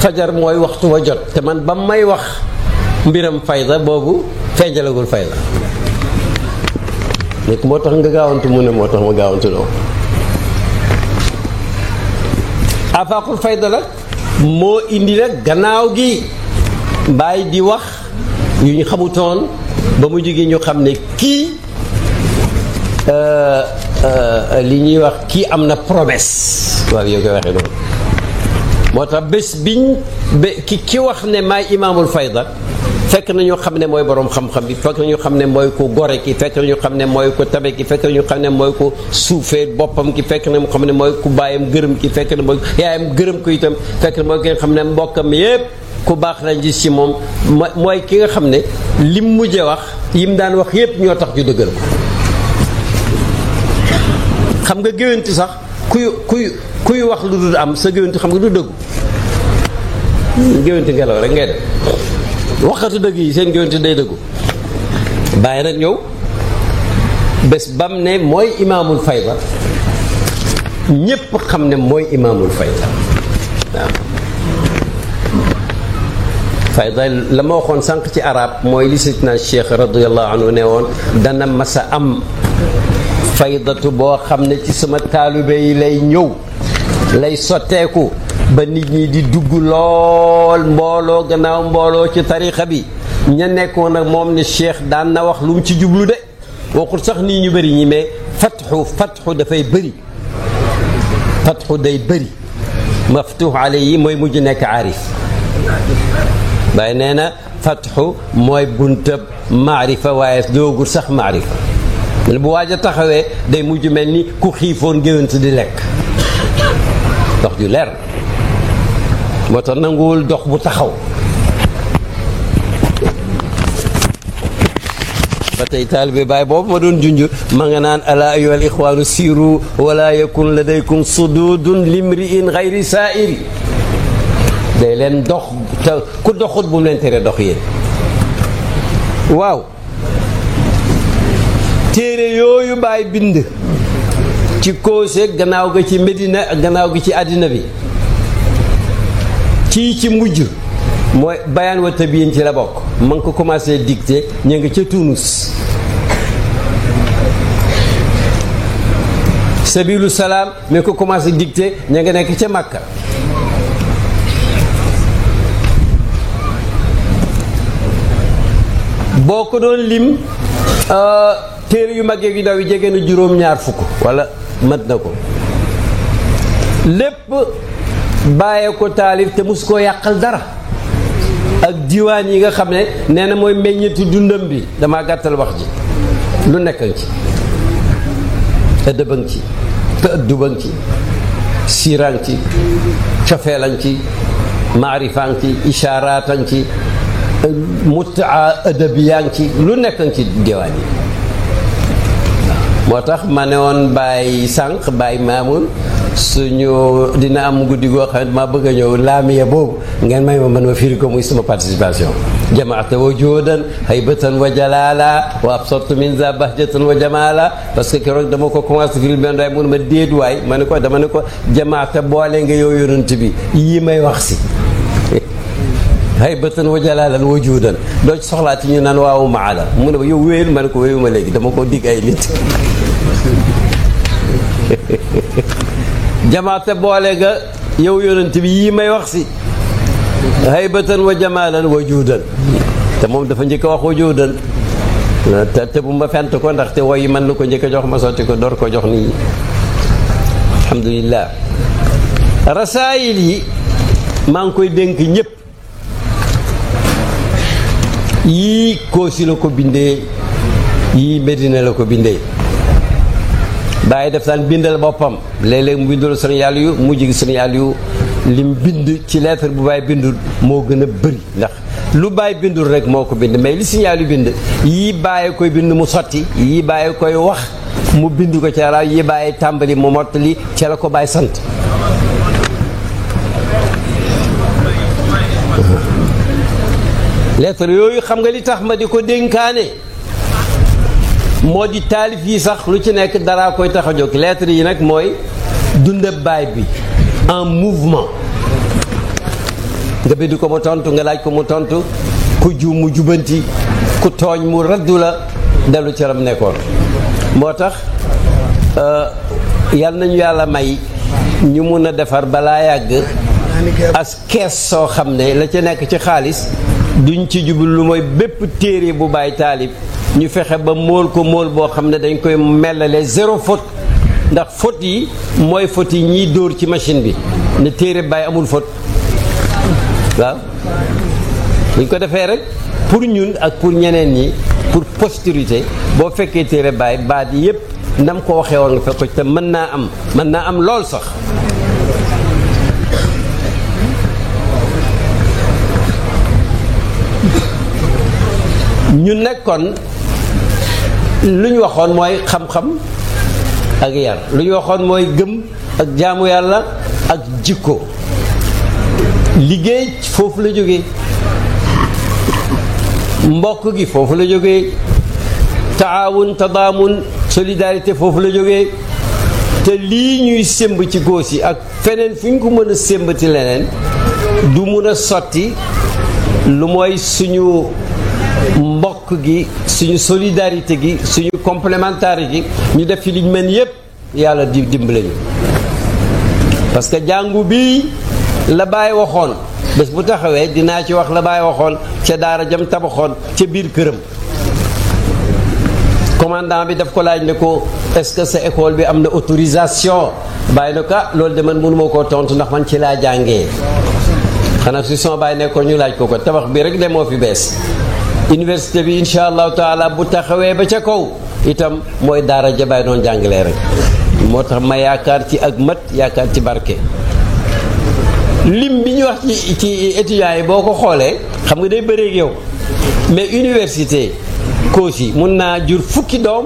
fajar mooy waxtu wa jot te man ba may wax mbiram fayda boobu feeñalagul fayda léegi moo tax nga gaawantu mu ne moo tax ma gaawantu loo afaqul fayda nag moo indi nag gannaaw gi bàyyi di wax yu ñu xamutoon ba mu jógee ñu xam ne kii euh, euh, li ñuy wax kii am na promesse waaw yow koy waxee noonu moo tax bés biñ ba ki ki wax ne maay imaamul fayda fekk na ñu xam ne mooy borom xam-xam bi fekk na ñu xam ne mooy ku gore ki fekk na xam ne mooy ko tabe ki fekk na ñu xam ne mooy ko suufee boppam ki fekk na mu xam ne mooy ku baayam gërëm ki fekk na mooy yaayam gërëm ko itam fekk na mooy ki nga xam ne mbokkam yépp ku baax lañ gis ci moom mooy ki nga xam ne lim mujje wax yim daan wax yépp ñoo tax ñu dëggal ko xam nga géwénti sax kuy kuy kuy wax lu dul am sa géwénti xam nga du dëggu géwénti ngelaw rek ngay def waxatu dëgg yi seen géwénte day dëggu bàyyi nag ñëw bés bam ne mooy imaamul fayda ñépp xam ne mooy imaamul fayda fayda la ma waxoon sànq ci arab mooy li sidna cheikh radiallahu anhu ne woon dana masa am faydatu boo xam ne ci sama taalibe yi lay ñëw lay sotteeku ba nit ñi di dugg lool mbooloo gannaaw mbooloo ci tarixa bi ña nekkoon ak moom ne cheikh daan na wax lu ci jublu de waxul sax nii ñu bari ñi mais fatxu fatxu dafay bëri fatxu day bari maftuux yi mooy mujj nekk aarif waaye nee na fatxu mooy buntab maarifa waaye doogul sax maarifa mu bu waaj taxawee day mujj mel ni ku xiifoon géwént di lekk wax ju leer moo tax nanguwul dox bu taxaw ba tey taalibe baay boobu ma doon junj ma nga naan alaa ayyuha al ixwaanu siiru wala yakun ladaykum sududun limriin xayri saairi day leen dox te ku doxut bu mu leen tere dox yéen waaw téere yooyu baay bind ci koose gannaaw ga ci Medina gannaaw gi ci àddina bi kii ci mujj mooy bayaan wa tabiin ci la bokk ma ngi ko commencé dicté ñu ngi ca Tunis sabilu salaam mi ko commencé dicté ña nga nekk ca Makka boo ko doon lim euh, téere yu mag yu ndaw yi jege na juróom-ñaar fukk wala mat na ko lépp bàyyee ko taalif te mus koo yàqal dara ak diwaan yi nga xam ne nee na mooy meññetu dundam bi damaa gàttal wax ji lu nekk ci ëddëbang ci te ci siirang ci cofeelang ci maarifang ci ishaaraatang ci mutaa ëddabiyaang ci lu nekk ci diwaan yi moo tax ma ne woon Baye sànq Baye Mamoun suñu dina am guddi goo xam ne maa bëgg a ñëw laamiya boobu ngeen may ma mën ma firi ko muy sama participation jamaata wa joodan haybatan wa jalala wa absortu min za bahjatan wa jamala parce que keroog dama ko commencé firi benn waay mun ma déet waay ma ne ko dama ne ko jamaata boole nga yow yonent bi yii may wax si haybatan wa jalaalan wa juudan doo ci soxlaa ci ñu naan waawu maala mu a ma yow wéyul ma ne ko wéyu ma léegi dama ko dig ay jamaate boole ga yow yonent bi yii may wax si haybatan wa jamaalan wa juudan te moom dafa njëkk a wax wa juudan te te bu ma fent ko ndaxte woyi man lu ko njëkk a jox ma sotti ko door ko jox nit ñi alhamdulillah rasaayil yi maa ngi koy dénk ñépp yii Koosi la ko bindee yii Medina la ko bindee bàyyi def daan bindal boppam léeg-léeg mu bindal sëriñ Aliou mu jigi yu li mu bind ci lettre bu bàyyi bindul moo gën a bëri ndax lu bàyyi bindul rek moo ko bind mais li sëriñ Aliou bind yii bàyyi koy bind mu sotti yii bàyyi koy wax mu bind ko ci la yii bàyyi tàmbali mu mottali ci la ko bàyyi sant lettre yooyu xam nga li tax ma di ko dénkaane moo di taalif yi sax lu ci nekk dara koy tax a jóg lettres yi nag mooy dundab baay bi en mouvement nga bind ko mu tontu nga laaj ko mu tontu ku juum mu jubanti ku tooñ mu raddu la dellu caram nekkoon moo tax euh, yal nañu yàlla may ñu mun a defar balaa yàgg as kees soo xam ne la ca nekk ci xaalis duñ ci jublu lu mooy bépp téere bu bàyyi taalib ñu fexe ba mool ko mool boo xam ne dañ koy mellale zéro faute ndax faute yi mooy faute yi ñiy dóor ci machine bi ne téere bàyyi amul faute waaw buñ ko defee rek pour ñun ak pour ñeneen ñi pour postérité boo fekkee téere bàyyi baat yépp nam ko waxee woon nga fekk te mën naa am mën naa am lool sax ñun nag lu ñu waxoon mooy xam-xam ak yar lu ñu waxoon mooy gëm ak jaamu yàlla ak jikko liggéey foofu la jóge mbokk gi foofu la jóge taawun tadaamun solidarité foofu la jóge te lii ñuy sémb ci góos yi ak feneen fu ñu ko mën a sémbati leneen du mun a sotti lu mooy suñu mbokk gi suñu solidarité gi suñu complémentaire gi ñu def ci liñ men yépp yàlla di dimbale ñu parce que jàngu bii la bàyyi waxoon bés bu taxawee dinaa ci wax la bàyyi waxoon ca daara jam tabaxoon ca biir këram commandant bi daf ko laaj ne ko est-ce que sa école bi am na autorisation bàyyi na ko ah, loolu de man mënu koo tontu ndax man ci laa jàngee xanaa su soo bàyyi nekkoon ñu laaj ko ko tabax bi rek de moo fi bees université bi incha allah taala bu taxawee ba ca kaw itam mooy daara jabaay doon jàngalee rek moo tax ma yaakaar ci ak mat yaakaar ci barke lim bi ñu wax ci ci étudiants yi boo ko xoolee xam nga day bëreeg yow mais université Kossy mun naa jur fukki doom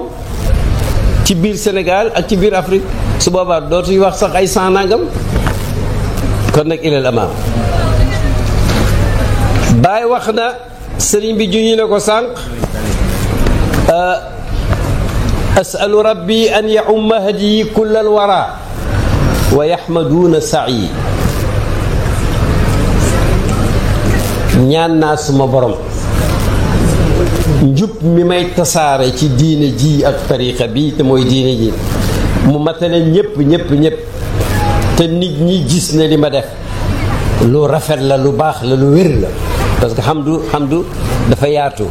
ci biir Sénégal ak ci biir Afrique su boobaa dootuy wax sax ay san nangam kon nag ilal amaam Baay wax na sëriñ bi juñu na ko sànq asalu rabbi an yaumma hadiyi kulla alwara wa yaxmaduuna saayi ñaan naa suma borom njub mi may tasaare ci diine ji ak tariqa bi te mooy diine ji mu matale ñépp ñépp ñépp te nit ñi gis ne li ma def lu rafet la lu baax la lu wér la parce que xam du xamdu du dafa yaatu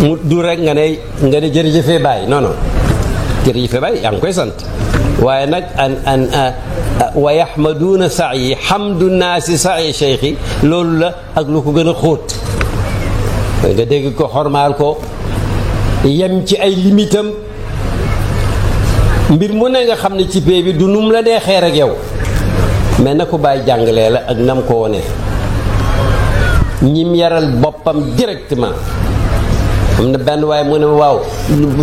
mu du rek nga ne nga ne jërëjëfee baay noonu non jërëjëfee yaa ngi koy sant waaye nag an an wa yaxmaduuna sax yi xamdu naa si sax yi cheikh loolu la ak lu ko gën a xóot nga dégg ko xormaal ko yem ci ay limitam mbir mu ne nga xam ne ci pee bi du num la neexee ak yow mais na ko bàyyi jàngalee la ak nam ko wonee ñim yaral boppam directement am na benn waaye mu ne waaw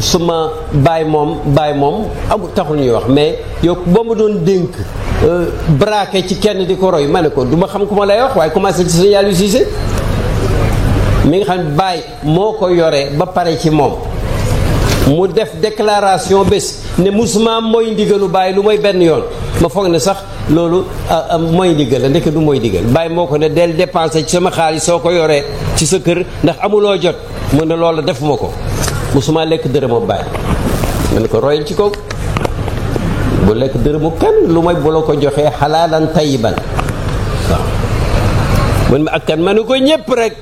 suma baay moom baay moom amul taxul ñuy wax mais yow boo ma doon dénk euh, braqué ci kenn di ko roy ma ne ko du ma xam ku ma lay wax waaye commencé ci signal yu siise mi nga xam ne baay moo ko yoree ba pare ci moom mu def déclaration bés ne musuma mooy ndigalu bàyyi lu mooy benn yoon ma foog ne sax loolu mooy ndigal la du mooy ndigal bàyyi moo ko ne del dépensé ci sama xaalis soo ko yoree ci sa kër ndax amuloo jot mën na loolu defuma ko musuma lekk dërëmam bàyyi ma ne ko royal ci kaw bu lekk dërëmu kenn lu mooy bu la ko joxee xalaalan tayiban waaw man ma ak kan ne ko ñëpp rek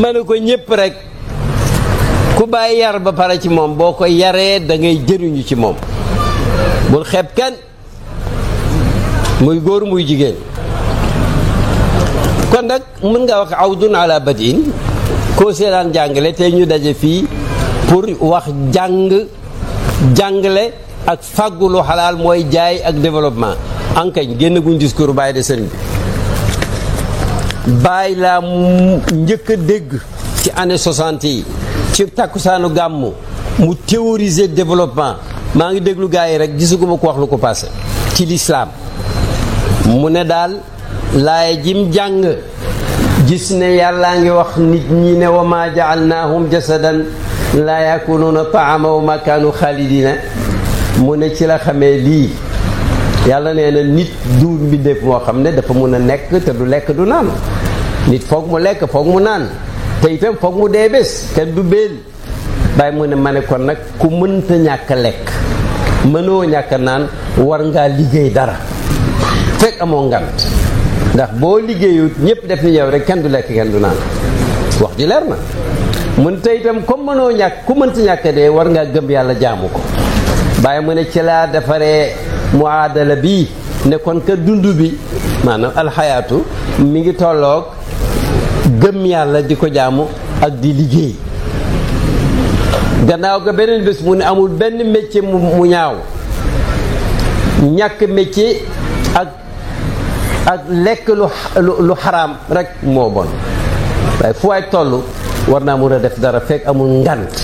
ma ne ko ñëpp rek ku bàyyi yar ba pare ci moom boo ko yaree da ngay jëriñu ci moom bul xeeb kenn muy góor muy jigéen kon nag mën nga wax awdun ala badin koo seetaan jàngale tey ñu daje fii pour wax jàng jàngale ak fàggulu xalaal mooy jaay ak développement ankañ génn guñ discours bàyyi de sëriñ bi bàyyi laa njëkk a dégg ci année soixante yi ci takkusaanu gàmmu mu théoriser développement maa ngi déglu gars yi rek gisuguma ko wax lu ko passé ci lislaam mu ne daal laay jim jàng gis ne yàllaa ngi wax nit ñi ne wa maa jaalnaahum jasadan laa yakunuuna taama wa maa kaanu mu ne ci la xamee lii yàlla nee na nit du mbindeef moo xam ne dafa mun a nekk te du lekk du naan nit foog mu lekk foog mu naan te itam foog mu dee bés kenn du béel bàyyi mu ne ma ne kon nag ku mënta ñàkk lekk mënoo ñàkk naan war ngaa liggéey dara fekk amoo ngant ndax boo liggéeyut ñëpp def ni yow rek kenn du lekk kenn du naan wax ji leer na mun te ko mënoo ñàkk ku mënta ñàkk dee war ngaa gëm yàlla jaamu ko bàyyi mu ne ci laa defaree muadala bi ne kon ka dund bi maanaam alxayaatu mi ngi tolloog gëm yàlla di ko jaamu ak di liggéey gannaaw ga beneen bés mu ne amul benn métier mu ñaaw ñàkk métier ak ak lekk lu lu xaraam rek moo bon waaye fu waay toll war naa mun a def dara fekk amul ngant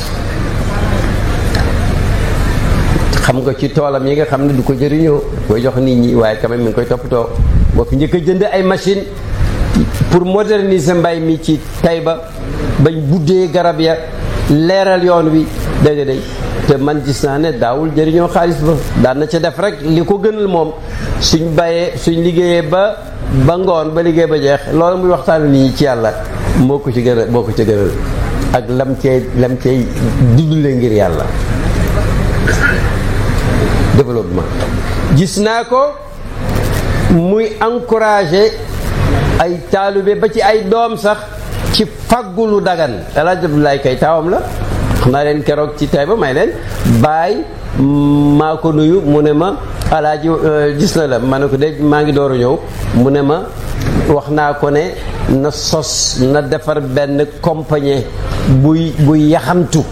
xam nga ci toolam yi nga xam ne du ko jëriñoo koy jox nit ñi waaye quand mi ngi koy toppatoo boo fi njëkk jënd ay machine pour moderniser mbay mi ci ba bañ buddee garab ya leeral yoon wi dégg day te man gis naa ne daawul jëriñoo xaalis ba daan na ca def rek li ko gënal moom suñ bayee suñ liggéeyee ba ba ngoon ba liggéey ba jeex loolu muy waxtaan nit ñi ci yàlla moo ko ci gën a moo ko ci gënal ak lam cey lam cey dundule ngir yàlla développement gis naa ko muy encouragé ay taalibe ba ci ay doom sax ci faggu lu dagan El Hadj Abdoulaye Kay taawam la wax naa leen keroog ci tay ba may leen baay maa ko nuyu mu ne ma alaaji euh, gis na la ma ne ko de maa ngi door a ñëw mu ne ma wax naa ko ne na sos na defar benn compagnie buy buy yaxamtu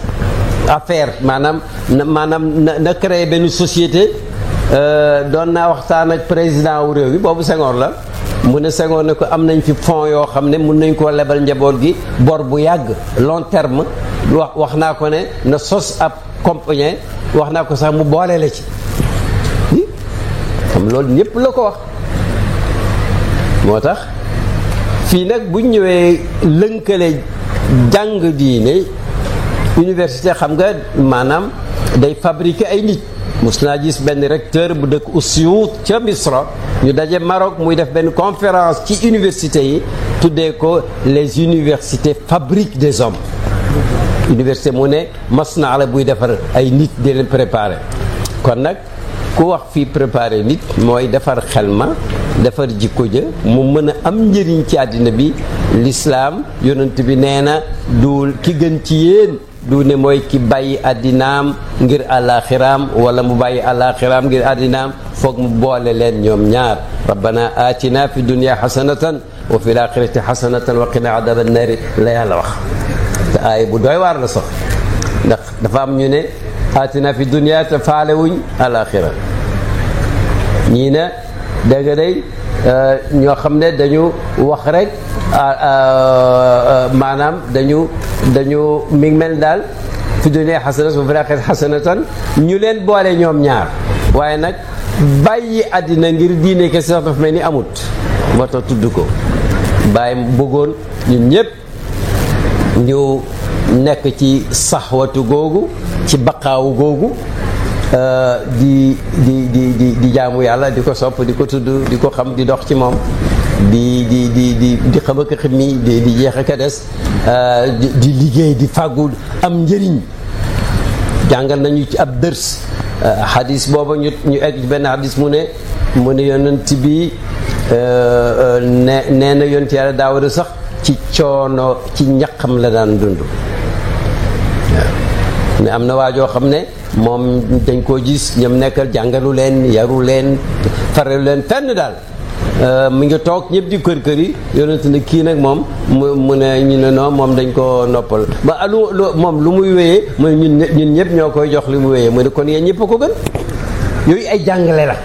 affaire maanaam na maanaam na créer benn société euh, doon naa waxtaan ak président wu réew yi boobu Senghor la mu ne Senghor ne ko am nañ fi fonds yoo xam ne mun nañ koo lebal njaboot gi bor bu yàgg long terme wax wax naa ko ne na sos ab compagnie wax naa ko sax mu boole la ci xam loolu ñëpp la ko wax moo tax fii nag buñ ñëwee lënkale jàng diine université xam nga maanaam day fabriquer ay nit mos naa gis benn recteur bu dëkk Ussiyut ca Misra ñu daje Maroc muy def benn conférence ci université yi tuddee ko les universités fabrique des hommes université mu ne mas naa la buy defar ay nit di leen préparer kon nag ku wax fii préparer nit mooy defar xel ma defar jikko ja mu mën a am njëriñ ci àddina bi lislaam yonant bi nee na duul ki gën ci yéen du ne mooy ki bàyyi àddinaam ngir àllaaxiraam wala mu bàyyi àllaaxiraam ngir àddinaam foog mu boole leen ñoom ñaar rabbana aatina fi dunya xasanatan wa fi laaxirati xasanatan wa qina adaba nnaari la yàlla wax te aay bu doy waar la sax ndax dafa am ñu ne aatina fi dunya te faalewuñ àllaaxira ñii ne Euh, ñoo xam ne dañu wax rek euh, euh, maanaam dañu dañu mi ngi mel daal fi dunee xasana su faraxeet xasanatan ñu leen boole ñoom ñaar waaye nag bàyyi àddina ngir diine ke sax dafa mel ni amut moo tudd ko bàyyi bëggoon ñun ñëpp ñu nekk ci saxwatu googu ci baqaawu googu Euh, di di di di di jaamu yàlla di ko sopp di ko tudd di ko xam di dox ci moom di di di di di xam ak xim mi di di jeex ak a des euh, di liggéey di fàggul am njëriñ jàngal nañu ci ab dërs euh, xadis booba ñu ñu egg benn xadis mu ne mu ne yonent bi ne nee na yonent yàlla a sax ci coono ci ñaqam la daan dund mais am na waajoo xam ne moom dañ koo gis ñoom nekkal jàngalu leen yaru leen faralu leen fenn daal euh, mu ngi toog ñëpp di kër kër yi yonent na kii nag moom mu mu ne ñu ne non moom dañ ko noppal ba alu lu muy wéyee mu ñun ñun ñëpp ñoo koy jox li mu wéyee mu ne kon yéen ñëpp a ko gën yooyu ay jàngale la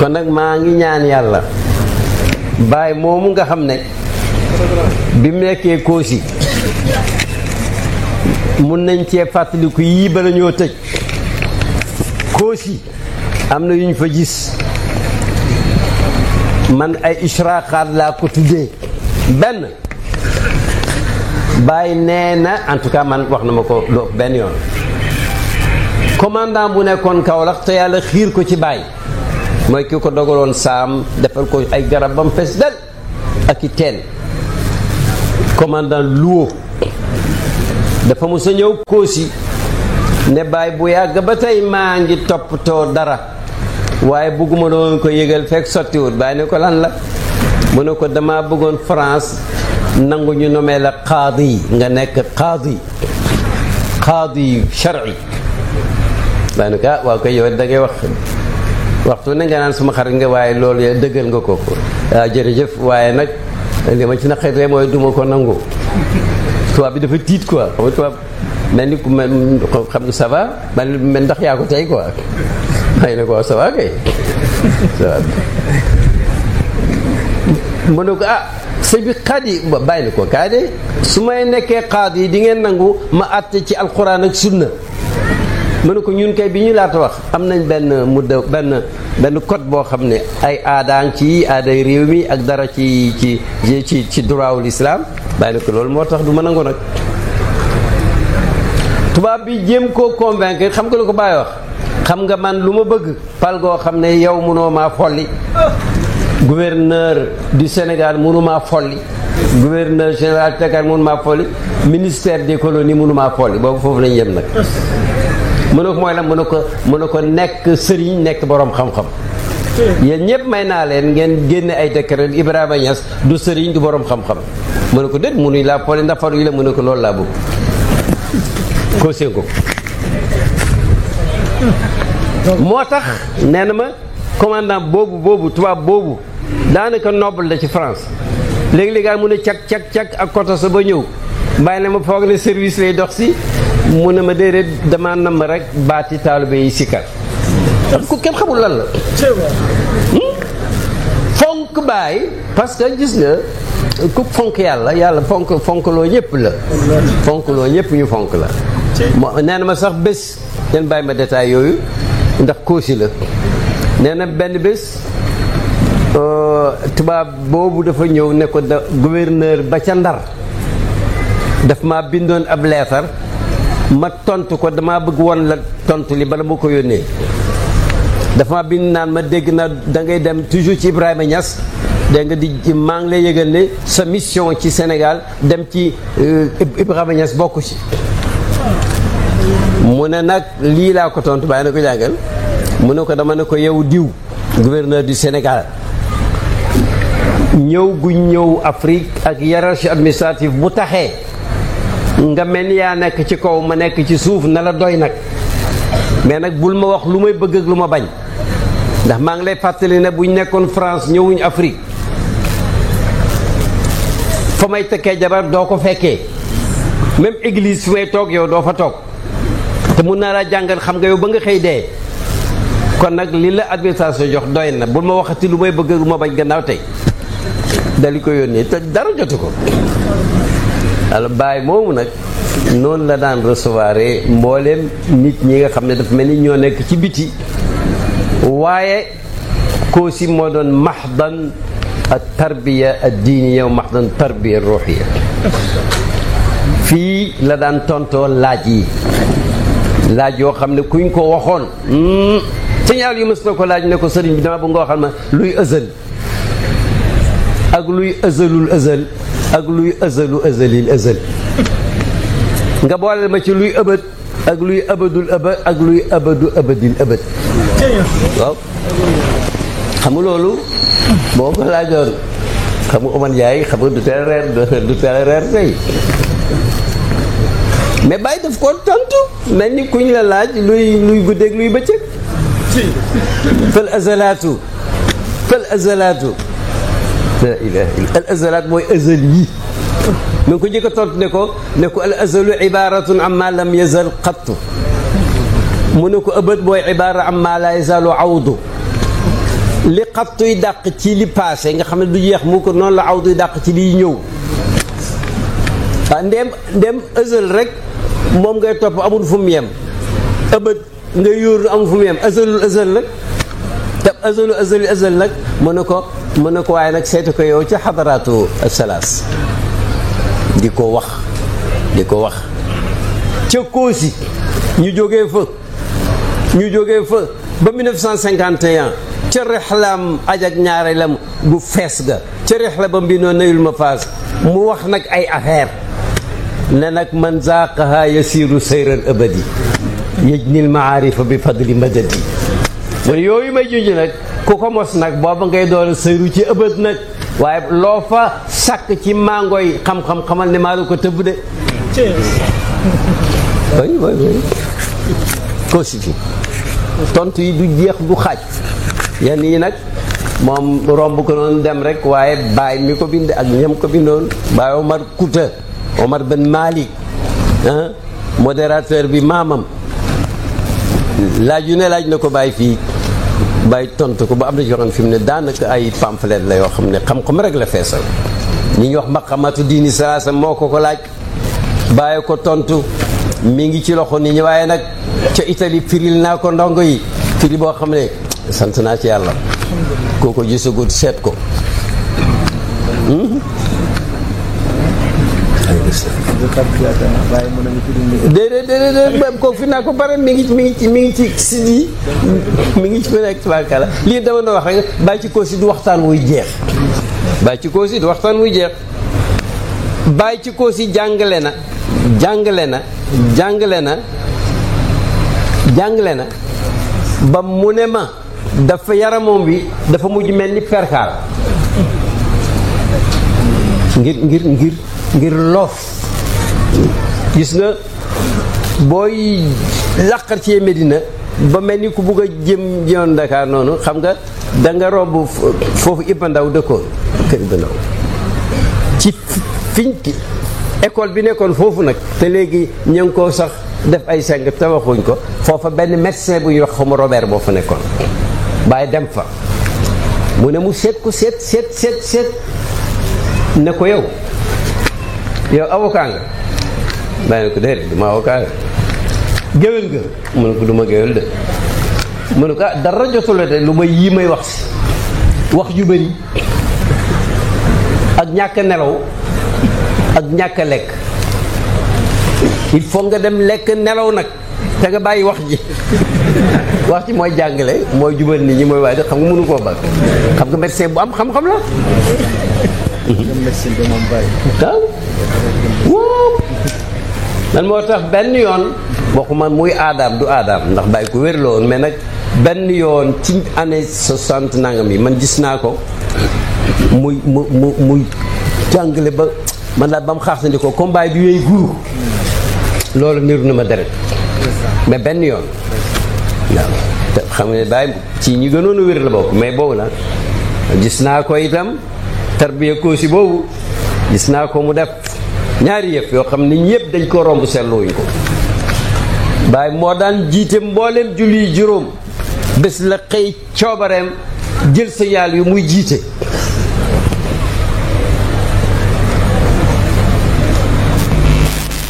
kon nag maa ngi ñaan yàlla bàyyi moomu nga xam ne bi mu nekkee koosi mun nañ cee fàttaliku yii ba la ñoo tëj koosi am na yu ñu fa gis man ay israxaat laa ko tuddee benn bàyyi nee na en tout cas man wax na ma ko loo benn yoon commandant bu nekkoon Kaolack te yàlla xiir ko ci bàyyi mooy ki ko dogaloon saam defal ko ay garab ba mu fes del ak i teen commandant luwo dafa mu sa ñëw koosi ne baay bu yàgg ba tey maa ngi topp toppatoo dara waaye bugguma doon ko yëgal fekk sottiwut baay ne ko lan la mu ne ko dama bëggoon France nangu ñu nomee la qaadi nga nekk qaadi qaadi shar'i baay ne ko ah waaw koy yow da wax waxtu ne nga naan suma xarit nga waaye loolu yow dëggal nga ko waaw ah, jërëjëf waaye nag li ma ci naqaree mooy duma ko nangoo tubaab bi dafa tiit quoi xam nga tubaab mel ni ku mel xam nga ça va mel ndax yaa ko tey quoi xëy na quoi ça kay ça mën na ko ah sëñ bi xaad yi bàyyi na ko kaa de su may nekkee xaad yi di ngeen nangu ma àtte ci alxuraan ak sunna mën na ko ñun kay bi ñu laata wax am nañ benn mudda benn benn code boo xam ne ay aadaan ci aaday réew mi ak dara ci ci ci ci droit wu bàyyi ko loolu moo tax du ma nangu nag tubaab bi jéem koo convaincre xam nga la ko bàyyi wax xam nga man lu ma bëgg pal goo xam ne yow munoo maa folli gouverneur du Sénégal munumaa folli gouverneur général Dakar munumaa folli ministère des colonies munumaa folli boobu foofu lañu yem nag mën na ko mooy la mën ko mën na ko nekk sëriñ nekk boroom xam-xam yéen ñëpp may naa leen ngeen génne ay décret Ibrahima Niass du sëriñ du borom xam-xam mu ne ko déet munuñ laa pole ndax falu yi la mu ne ko loolu laa bëgg ko moo tax nee na ma commandant boobu boobu tubaab boobu daanaka noble la ci France léegi-léegi mu ne cag cag cag ak koto sa ba ñëw bàyyi na ma foog ne service lay dox si mu ne ma déedéet dama nam rek baati taalibe yi sikkat ku kenn xamul lan la. fonk baay parce que gis nga ku fonk yàlla yàlla fonk fonkloo ñëpp la. fonkloo ñëpp ñu fonk la. nee na ma sax bés ngeen bàyyi ma détail yooyu ndax koosi la nee na benn bés euh, tubaab boobu dafa ñëw ne ko da gouverneur ba ca ndar daf ma bindoon ab leetar ma tontu ko dama bëgg woon la tontu li bala ma ko yónnee. dafa ma bind naan ma dégg na da ngay dem toujours ci Ibrahima Niass dégg nga di maa ngi lay yëgal sa mission ci Sénégal dem ci euh, Ibrahima Niass bokku ci mu ne nag lii laa ko tontu bàyyi na ko jàngal mu ne ko dama ne ko yow diw gouverneur du Sénégal ñëw gu ñëw Afrique ak hiérarchie administrative bu taxee nga mel ni yaa nekk ci kaw ma nekk ci suuf na la doy nag mais nag bul ma wax lu may bëgg lu ma bañ ndax maa ngi lay fàttali bu ñu nekkoon France ñëwuñu Afrique fa may tëkkee jabar doo ko fekkee même église fi may toog yow doo fa toog te mun naa laa jàngal xam nga yow ba nga xëy dee kon nag li la administration jox doy na bu ma waxati lu may bëgg lu ma bañ gannaaw tey dali ko yónnee te dara jotu ko alors baay moomu nag noonu la daan recevoir mbooleem nit ñi nga xam ne dafa mel ni ñoo nekk ci biti waaye koosi moo doon maxdan al tarbiya ad diiniya wa maxdan tarbiya ruuxiya fii la daan tontoo laaj yi laaj yoo xam ne kuñ ko waxoon signal hmm, yu mës na ko laaj ne ko sëriñ bi dama bëgg nga xam ne luy ëzël ak luy ëzëlul ëzël ak luy ëzëlu ëzëlil ëzël nga booleel ma ci luy ëbët ak luy abadul abad ak luy abadu abadil abad waaw xam nga loolu moo ko laajoon xam nga Oman yaay xam nga du teel reer du teel reer tey mais bàyyi daf ko tontu mel ni kuñ la laaj luy luy guddeeg luy bëccëg fal azalaatu fal azalaatu la ilaha mooy azal yi mi ngi ko njëkk a tontu ne ko ne ko al azalu ibaratun amma lam yazal qattu mu ne ko ëbët booy ibaara amma la yazalu awdu li xattuy dàq ci li paase nga xam ne du jeex mu ko noonu la awduy dàq ci liy ñëw waaw ndem ndem azal rek moom ngay topp amul fu mu yem ëbët nga yóoru amul fu mu yem azalul azal nag te azalu azali azal nag mu ne ko mu ne ko waaye nag seetu ko yow ci xadaraatu salaas di ko wax di ko wax ca Koosi ñu jóge fa ñu jóge fa ba mu 1951 ca rexlaam ajak ñaareelam bu fees ga ca rexla ba mbinoo nayul ma faas mu wax nag ay affaire ne nag man zaqaha yasiru sayral abadi yajnil maarifa bi fadli madadi man yooyu may junj nag ku ko mos nag booba ngay doon sayru ci ëbët nag waaye loo fa sàkk ci mango yi xam-xam xamal ne maa la ko tëbb de oui oui oui yi du jeex du xaaj yenn yi nag moom romb ko noonu dem rek waaye baay mi ko bind ak ñam ko bindoon baay Omar Kouta Omar Ben Malik modérateur bi maamam laaju ne laaj na ko bàyyi fii bàyyi tontu ko ba am na ci fi mu ne daanaka ay pamphlet la yoo xam ne xam-xam rek la feesal ñi ñuy wax maqamatu diini salaasa moo ko ko laaj bàyyi ko tontu mi ngi ci loxo nit ñi waaye nag ca Italie firil naa ko ndongo yi firi boo xam ne sant naa ci yàlla kooko gisagut seet ko. Hmm? déedéet déedéet même kooku fi naa ko bare mi ngi mi ngi ci mi ngi ci ngi ci ku nekk tubaarkàlla lii dama wax rek bàyyi ci koo si du waxtaan wuy jeex bàyyi ci koo si du wuy jeex bàyyi si jàngale na jàngale na jàngale na jàngale na ba mu ne ma dafa yaramoom wi dafa mujj mel ni perkaal ngir ngir ngir ngir loof gis na booy làqar ci Medina ba mel ni ku bugg a jëm yoon Dakar noonu xam nga da nga romb foofu Iba Ndaw dëkkoon kër Iba Ndaw ci fiñ école bi nekkoon foofu nag te léegi ña ngi koo sax def ay seng tabaxuñ ko foofa benn médecin bu ñuy wax xamu Robert boo fa nekkoon waaye dem fa mu ne mu seet ko seet seet seet ne ko yow yow avocat nga bàyyi na ko déedéet du ma avocat de géwél nga mu ko du ma géwél de mu ne ko ah dara jotul de lu ma yii may wax si wax ju bëri ak ñàkk nelaw ak ñàkk lekk il faut nga dem lekk nelaw nag te nga bàyyi wax ji wax ci mooy jàngale mooy jubal nit ñi mooy waaye de xam nga mënu koo bàgg xam nga médecin bu am xam-xam la. médecin lan moo tax benn yoon man muy aadaam du aadaam ndax bàyyi ko wér la mais nag benn yoon ci année soixante nangam yi man gis naa ko muy mu mu muy jàngale ba man daal ba mu xaax ko comme bàyyi bi yooyu guur loolu niru na ma deret mais benn yoon waaw te xam ne bàyyi ci ñi gënoon a wér la bokk mais boobu la gis naa ko itam tarbiya koosi boobu gis naa ko mu def ñaari yëf yoo xam ne ñëpp dañ ko romb seetluwuñ ko Baay moo daan jiite mbooleem julli juróom bés la xëy coobareem jël signal yu muy jiite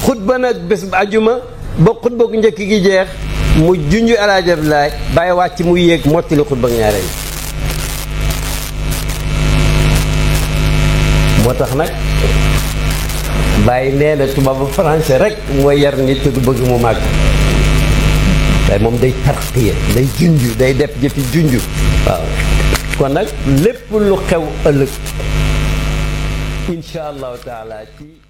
xutba nag bés bu ajuma ba xutba ku njëkk gi jeex mu junj alaaji Abdoulaye bàyyi wàcc mu yéeg mottali xutba ak ñaareel moo tax nag bàyyi nee na tubaabu français rek mooy yar nit ku bëgg mu màgg moom day tarqiya day junj day def jëfi junj waaw kon nag lépp lu xew ëllëg incha allahu taala ci